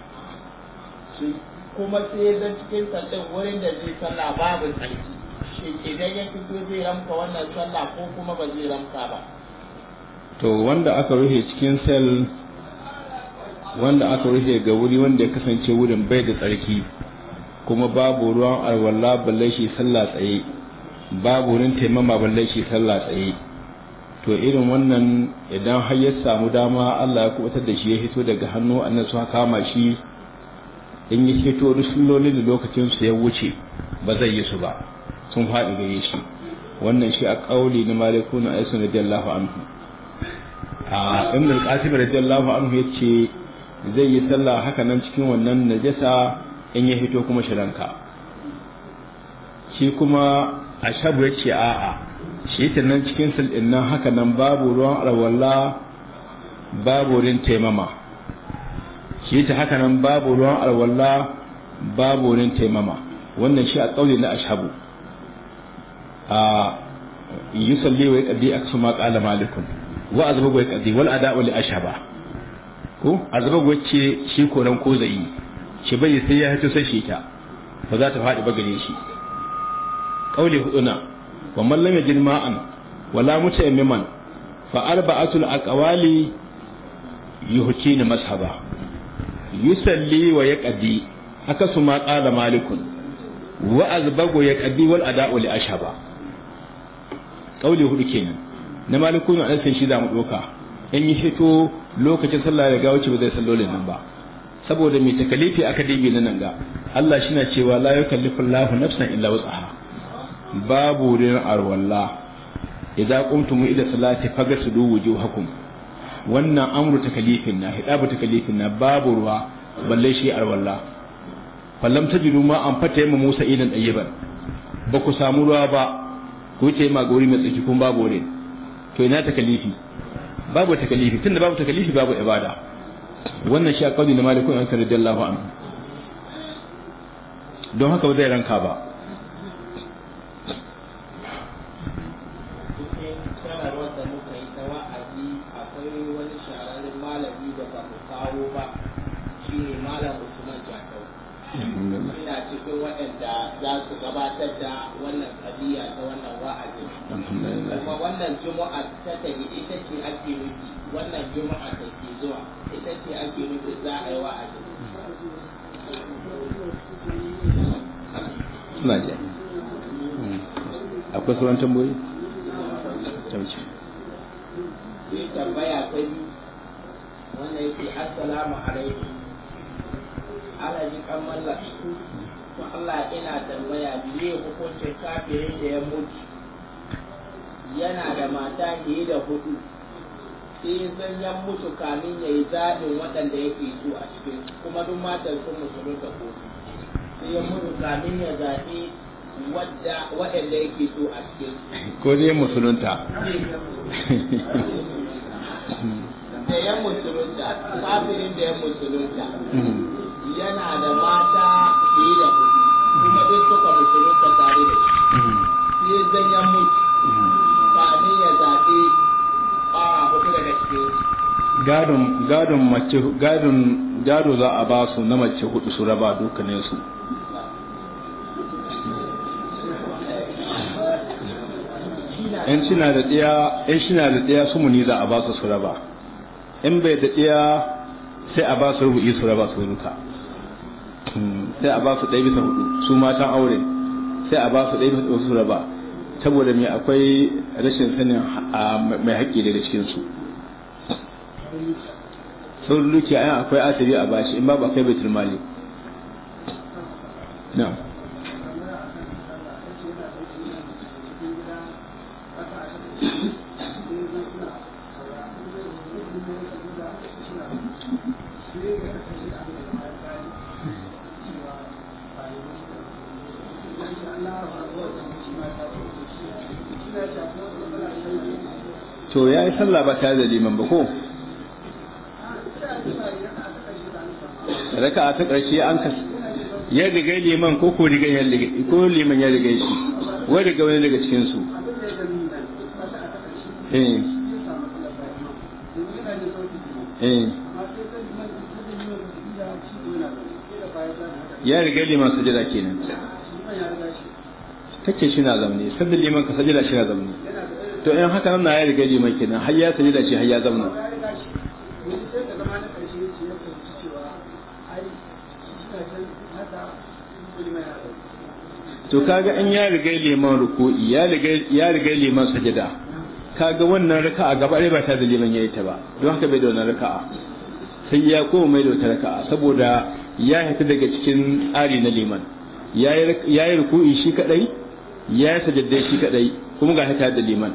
kuma sai zan cikin sallin wurin da zai sallah babu tsarki shi idan ya fito zai ramka wannan sallah ko kuma ba zai ramka ba to wanda aka rufe cikin sel wanda aka rufe ga wuri wanda ya kasance wurin bai da tsarki kuma babu ruwan alwala balle shi sallah tsaye babu wurin taimama balle shi sallah tsaye to irin wannan idan har ya samu dama Allah ya kubutar da shi ya hito daga hannu annan su kama shi in ya hito da da lokacin su ya wuce ba zai yi su ba sun faɗi gare shi wannan shi a kauli na malikuna aisu radiyallahu anhu a ibn al-qasim radiyallahu anhu ce zai yi sallah haka nan cikin wannan najasa in ya hito kuma shiranka shi kuma a ya ce a'a shi nan cikin silɗin nan haka nan babu ruwan alwala babu rin taimama shi ta haka nan babu ruwan alwala babu rin taimama wannan shi a tsauri na ashabu a yi salli wa ƙaddi a kasu maƙala malikun wa a zabagu ya ƙaddi wal ada wali ashaba ko a zabagu ce shi koran ko zai shi bai sai ya hito sai shi ta ba za ta faɗi ba gare shi ƙauli hudu na wa man lam yajid ma'an wala mutayammiman fa arba'atul aqwali yuhkina mashaba yusalli wa yaqdi haka su ma qala malikun wa azbagu yaqdi wal ada'u li ashaba kauli hudu kenan na malikun a sai shi da mu doka in yi fito lokacin sallah da gawaci ba zai sallolin nan ba saboda mai takalifi aka dibi na nan ga Allah shi na cewa la yukallifu Allahu nafsan illa wus'aha babu rin arwalla idan kuntum ila salati fagasudu wujuhakum wannan amru takalifin na hidabu takalifin na babu ruwa balle shi arwalla fallam tajidu ma an fata yamma Musa idan ayyiban ba ku samu ruwa ba ku ce ma gori mai tsaki kun babu rin to ina takalifi babu takalifi tunda babu takalifi babu ibada wannan shi a kauli na malikun an radiyallahu anhu don haka ba zai ranka ba gabatar da wannan kadiya ta wannan wa'azi kuma wannan juma'a ta tafi ita ce ake nufi wannan juma'a ta ke zuwa ita ce ake nufi za a yi wa'azi suna jiya akwai sauran tambayoyi tamci sai tambaya ta biyu wanda yake assalamu alaikum ala ji kan mallaka to Allah ina tambaya biye hukuncin kafirin da ya mutu yana da mata fiye da hudu sai zan ya mutu kamin ya yi zaɓin waɗanda yake so a cikin kuma duk matar sun musulunta ko sai ya mutu kamin ya zaɓi waɗanda yake so a cikin ko dai musulunta da ya musulunta kafirin da ya musulunta mm-hmm. yana da mata fiye da hudu kuma duk suka musulunta tare da shi mm. sai zan ya mutu mm. kamin ya zaɓi a hudu daga cikin gadon gadon mace gadon gado za a ba su na mace hudu su raba dukkanin su in suna da tsaya in suna da tsaya su muni za a ba su su raba in bai da tsaya sai a ba su rubu'i su raba su duka sai a ba su ɗaya bisa hudu su matan aure sai a ba su ɗaya bisa hudu raba saboda mai akwai rashin sanin mai haƙƙi daga cikinsu sun duki ayan akwai asiri a bashi in babu akwai baitul mali na to ya yi sallah ba tare da liman ba ko raka ta ƙarshe an ka ya riga liman ko ko riga ya riga ko liman ya riga shi wai riga wani daga cikin su eh. eh ya riga liman su jira kenan kake shi na zamani sabbin liman ka sajira shi na zamani to in haka nan na ya riga mai kenan har ya sani da shi har ya zauna. to kaga in ya riga liman ruku'i ya riga ya riga liman sajada kaga wannan raka'a gaba ɗaya ba ta da liman yayi ta ba don haka bai da wannan raka'a sai ya koma mai da wata raka'a saboda ya fita daga cikin tsari na liman ya yi ruku'i shi kadai ya yi sajadda shi kadai kuma ga ta da liman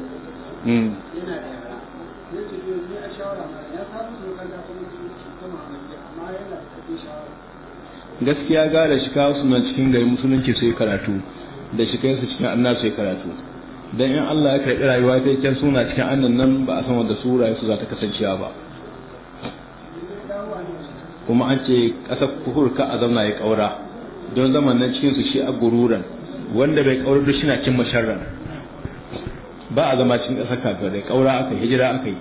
Hmm. da gaskiya gara shi kawo su cikin gari musulunci sai karatu da shi kai su cikin anna sai karatu Don in Allah ya karɓi rayuwa ta kyan suna cikin annan nan ba a sama da su rayu su za ta kasancewa ba kuma an ce ƙasa kuhur ka a zauna ya ƙaura don zaman nan cikin su shi a gururan wanda bai ƙaura duk shi na cin masharran ba a zama cikin ƙasar kafin da ƙaura aka hijira aka yi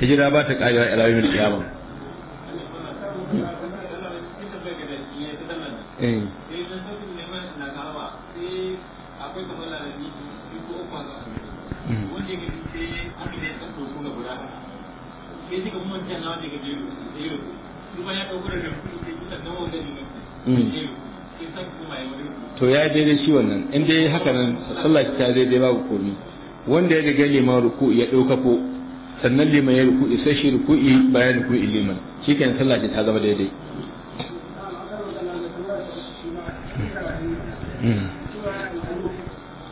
hijira ba ta ƙarewa a rayuwar kiyama eh. mm. to ya daidai shi wannan in dai haka nan sallah ta daidai babu komi wanda ya riga liman ruku'i ya ɗaukako sannan liman ya ruku'i sai shi ruku'i bayan ruku'i liman shi kan sallah ta zama daidai hmm.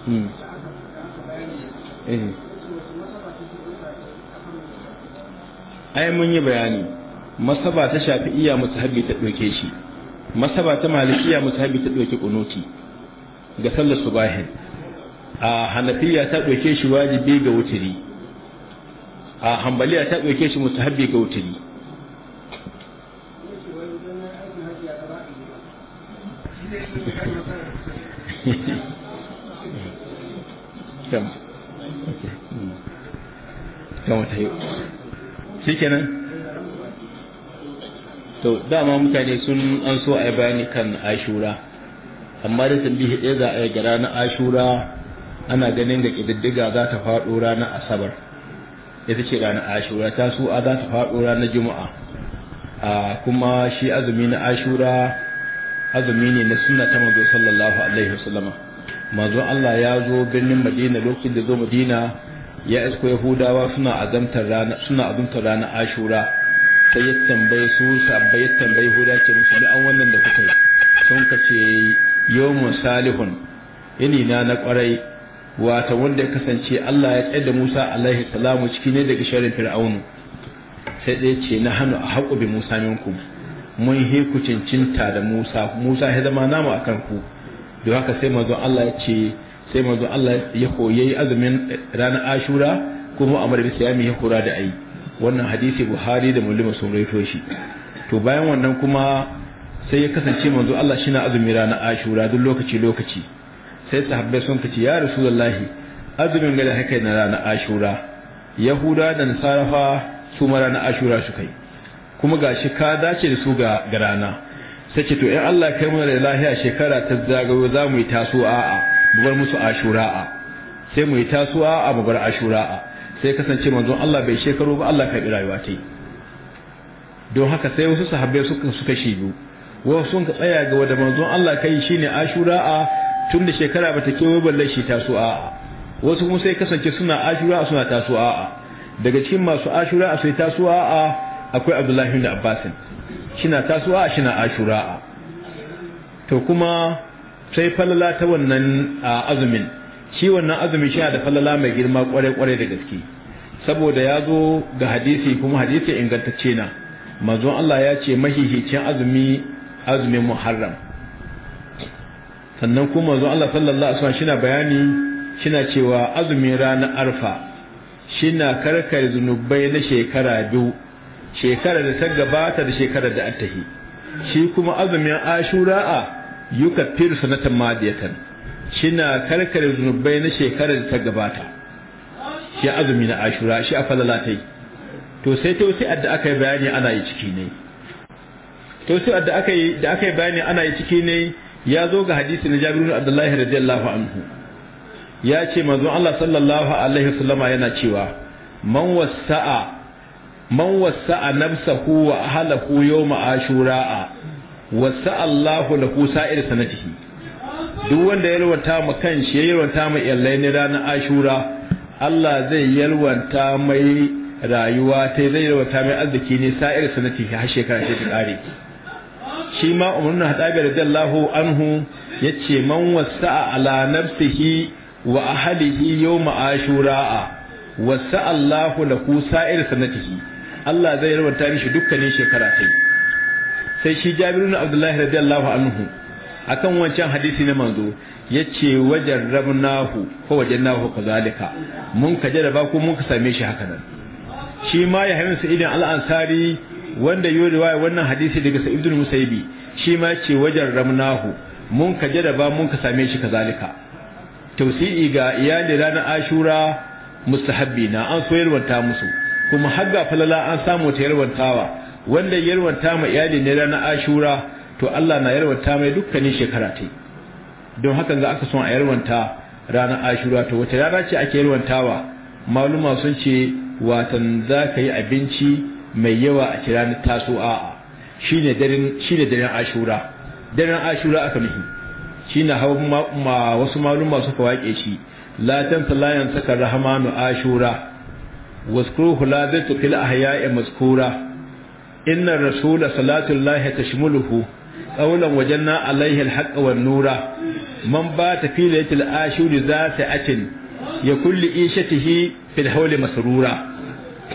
Hmm. Hmm. Eh. ai mun yi bayani masaba ta shafi iya musahabi ta ɗauke shi masaba ta malikiya musahabi ta ɗauke kunuti ga sallar subahin a hanafiya ta ɗauke shi wajibi ga wuturi a hambaliya ta ɗauke shi mustahabbi ga wuturi shi kenan to dama mutane sun an so a yi bayani kan ashura amma da tambihi ɗaya za a yi gara na ashura ana ganin da ƙididdiga za ta faɗo ranar asabar ita ce ranar ashura ta su'a za ta faɗo ranar juma'a kuma shi azumi na ashura azumi ne na suna ta mazo sallallahu alaihi wasallama mazo Allah ya zo birnin madina lokacin da zo madina ya isko yahudawa suna azamtar rana suna azumtar rana ashura sai ya tambaye su sabbai ya tambaye huda ce musu da an wannan da kuka yi sun ka ce yawmun salihun yini na kwarai wata wanda ya kasance Allah ya tsaye da Musa alaihi salamu ciki ne daga sharin fir'aunu sai dai ce na hannu a haƙo bi Musa minkum mun he ku cincinta da Musa Musa ya zama namu akan ku don haka sai manzo Allah ya ce sai manzo Allah ya koyi azumin ranar Ashura kuma Amr bin Siyami ya kura da ai wannan hadisi Buhari da Muslim sun rawaito shi to bayan wannan kuma sai ya kasance manzo Allah shi na azumin ranar Ashura duk lokaci lokaci sai sahabbai sun fice ya rasulullahi azumin gada haka na ranar ashura yahuda da nasarafa su ma ranar ashura su kai kuma gashi ka dace da su ga rana sai ce to in Allah kai mu da lahiya shekara ta zagayo za mu yi taso a'a mu bar musu ashura'a sai mu yi taso a'a mu bar ashura'a sai kasance manzon Allah bai shekaru ba Allah kai rayuwa ta don haka sai wasu sahabbai suka suka shi biyu wasu sun ka tsaya ga wanda manzon Allah kai shine ashura'a tun da shekara bata kewaye balle shi taso a'a wasu kuma sai kasance suna ashura suna taso a'a daga cikin masu ashura sai taso a'a akwai abdullahi ibn shi shina taso a'a shina ashura to kuma sai falala ta wannan azumin shi wannan azumin shi da falala mai girma kwarai kwarai da gaske saboda ya zo ga hadisi kuma hadisi ingantacce na manzon Allah ya ce mahihicin azumi azumin muharram sannan kuma manzo Allah sallallahu alaihi wasallam shina bayani shina cewa azumin ranar arfa shina karkar zunubai na shekara biyu shekara da ta gabata da shekara da attahi shi kuma azumin ashura'a yuka fir sanatan madiyatan shina karkar zunubai na shekara da ta gabata shi azumi na ashura shi a falalatai to sai to sai adda aka bayani ana yi ciki ne to sai adda aka yi da aka bayani ana yi ciki ne ya zo ga hadisi na jabiru Abdullahi Abdullah radiyallahu anhu ya ce manzon Allah sallallahu alaihi wasallama yana cewa man wasa'a man wasa'a nafsahu wa ahlahu yawma ashura'a wasa'a Allahu lahu sa'ir sanatihi duk wanda ya yalwanta ma kanshi ya rawata mu iyalai ne ranar ashura Allah zai yalwanta mai rayuwa ta zai yalwanta mai arziki ne sa'ir sanatihi har shekara ta kare shi ma umarnu hadabi radiyallahu anhu yace man wasa'a ala nafsihi wa ahlihi yawm ashura wasa Allahu ku sa'ir sanatihi Allah zai rubuta mishi dukkanin shekara tai sai shi Jabir ibn Abdullah radiyallahu anhu akan wancan hadisi na manzo yace wajen rabnahu ko wajen nahu kazalika mun ka jaraba ko mun ka same shi haka nan shi ma ya hamsu idan al-ansari wanda yi riwaya wannan hadisi daga sa ibnu musaibi shi ma ce wajen ramnahu mun ka jaraba mun ka same shi kazalika tausi'i ga iyali ranar ashura mustahabbi na an so yarwanta musu kuma har ga falala an samu ta yarwantawa wanda yarwanta ma iyali ne ranar ashura to Allah na yarwanta mai dukkanin shekara ta don haka za aka son a yarwanta ranar ashura to wata rana ce ake yarwantawa maluma sun ce watan za ka yi abinci mai yawa a ci ranar tasu'a shine shi shine daren ashura daren ashura aka mihi shine hawa ma wasu maluma suka wake shi la tansa saka yansaka rahmanu ashura zai la a haya ahya'i mazkura inna rasula salatullahi tashmuluhu qawlan wajen na alhaqqa wan nura man bata fi laylatil ashuri zata atin ya kulli ishatihi fil hawli masrura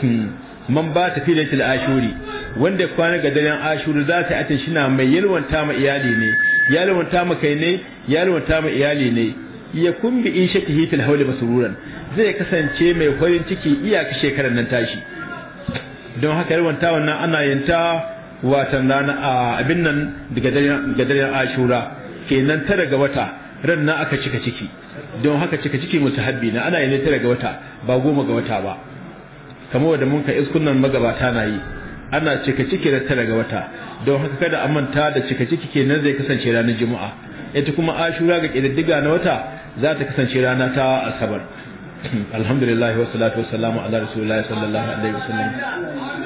hmm. man ba ta fi da ashuri wanda kwana ga daren ashuri za ta shi shina mai yalwanta ma iyali ne yalwanta ma kai ne yalwanta ma iyali ne ya kun bi in shaki hitil hauli masururan zai kasance mai farin ciki iyaka shekarar nan tashi don haka yalwanta wannan ana yanta watan rana a abin nan daga daren ashura kenan tara ga wata ran na aka cika ciki don haka cika ciki musahabbi na ana yin tara ga wata ba goma ga wata ba kamar wanda mun kai iskunan magabata na yi ana cika ciki da tare ga wata don haka kada a manta da cika ciki kenan zai kasance ranar juma'a ita kuma ashura ga kididdiga na wata za ta kasance rana ta asabar <clears throat> alhamdulillah wa salatu wa ala rasulillah sallallahu alaihi wasallam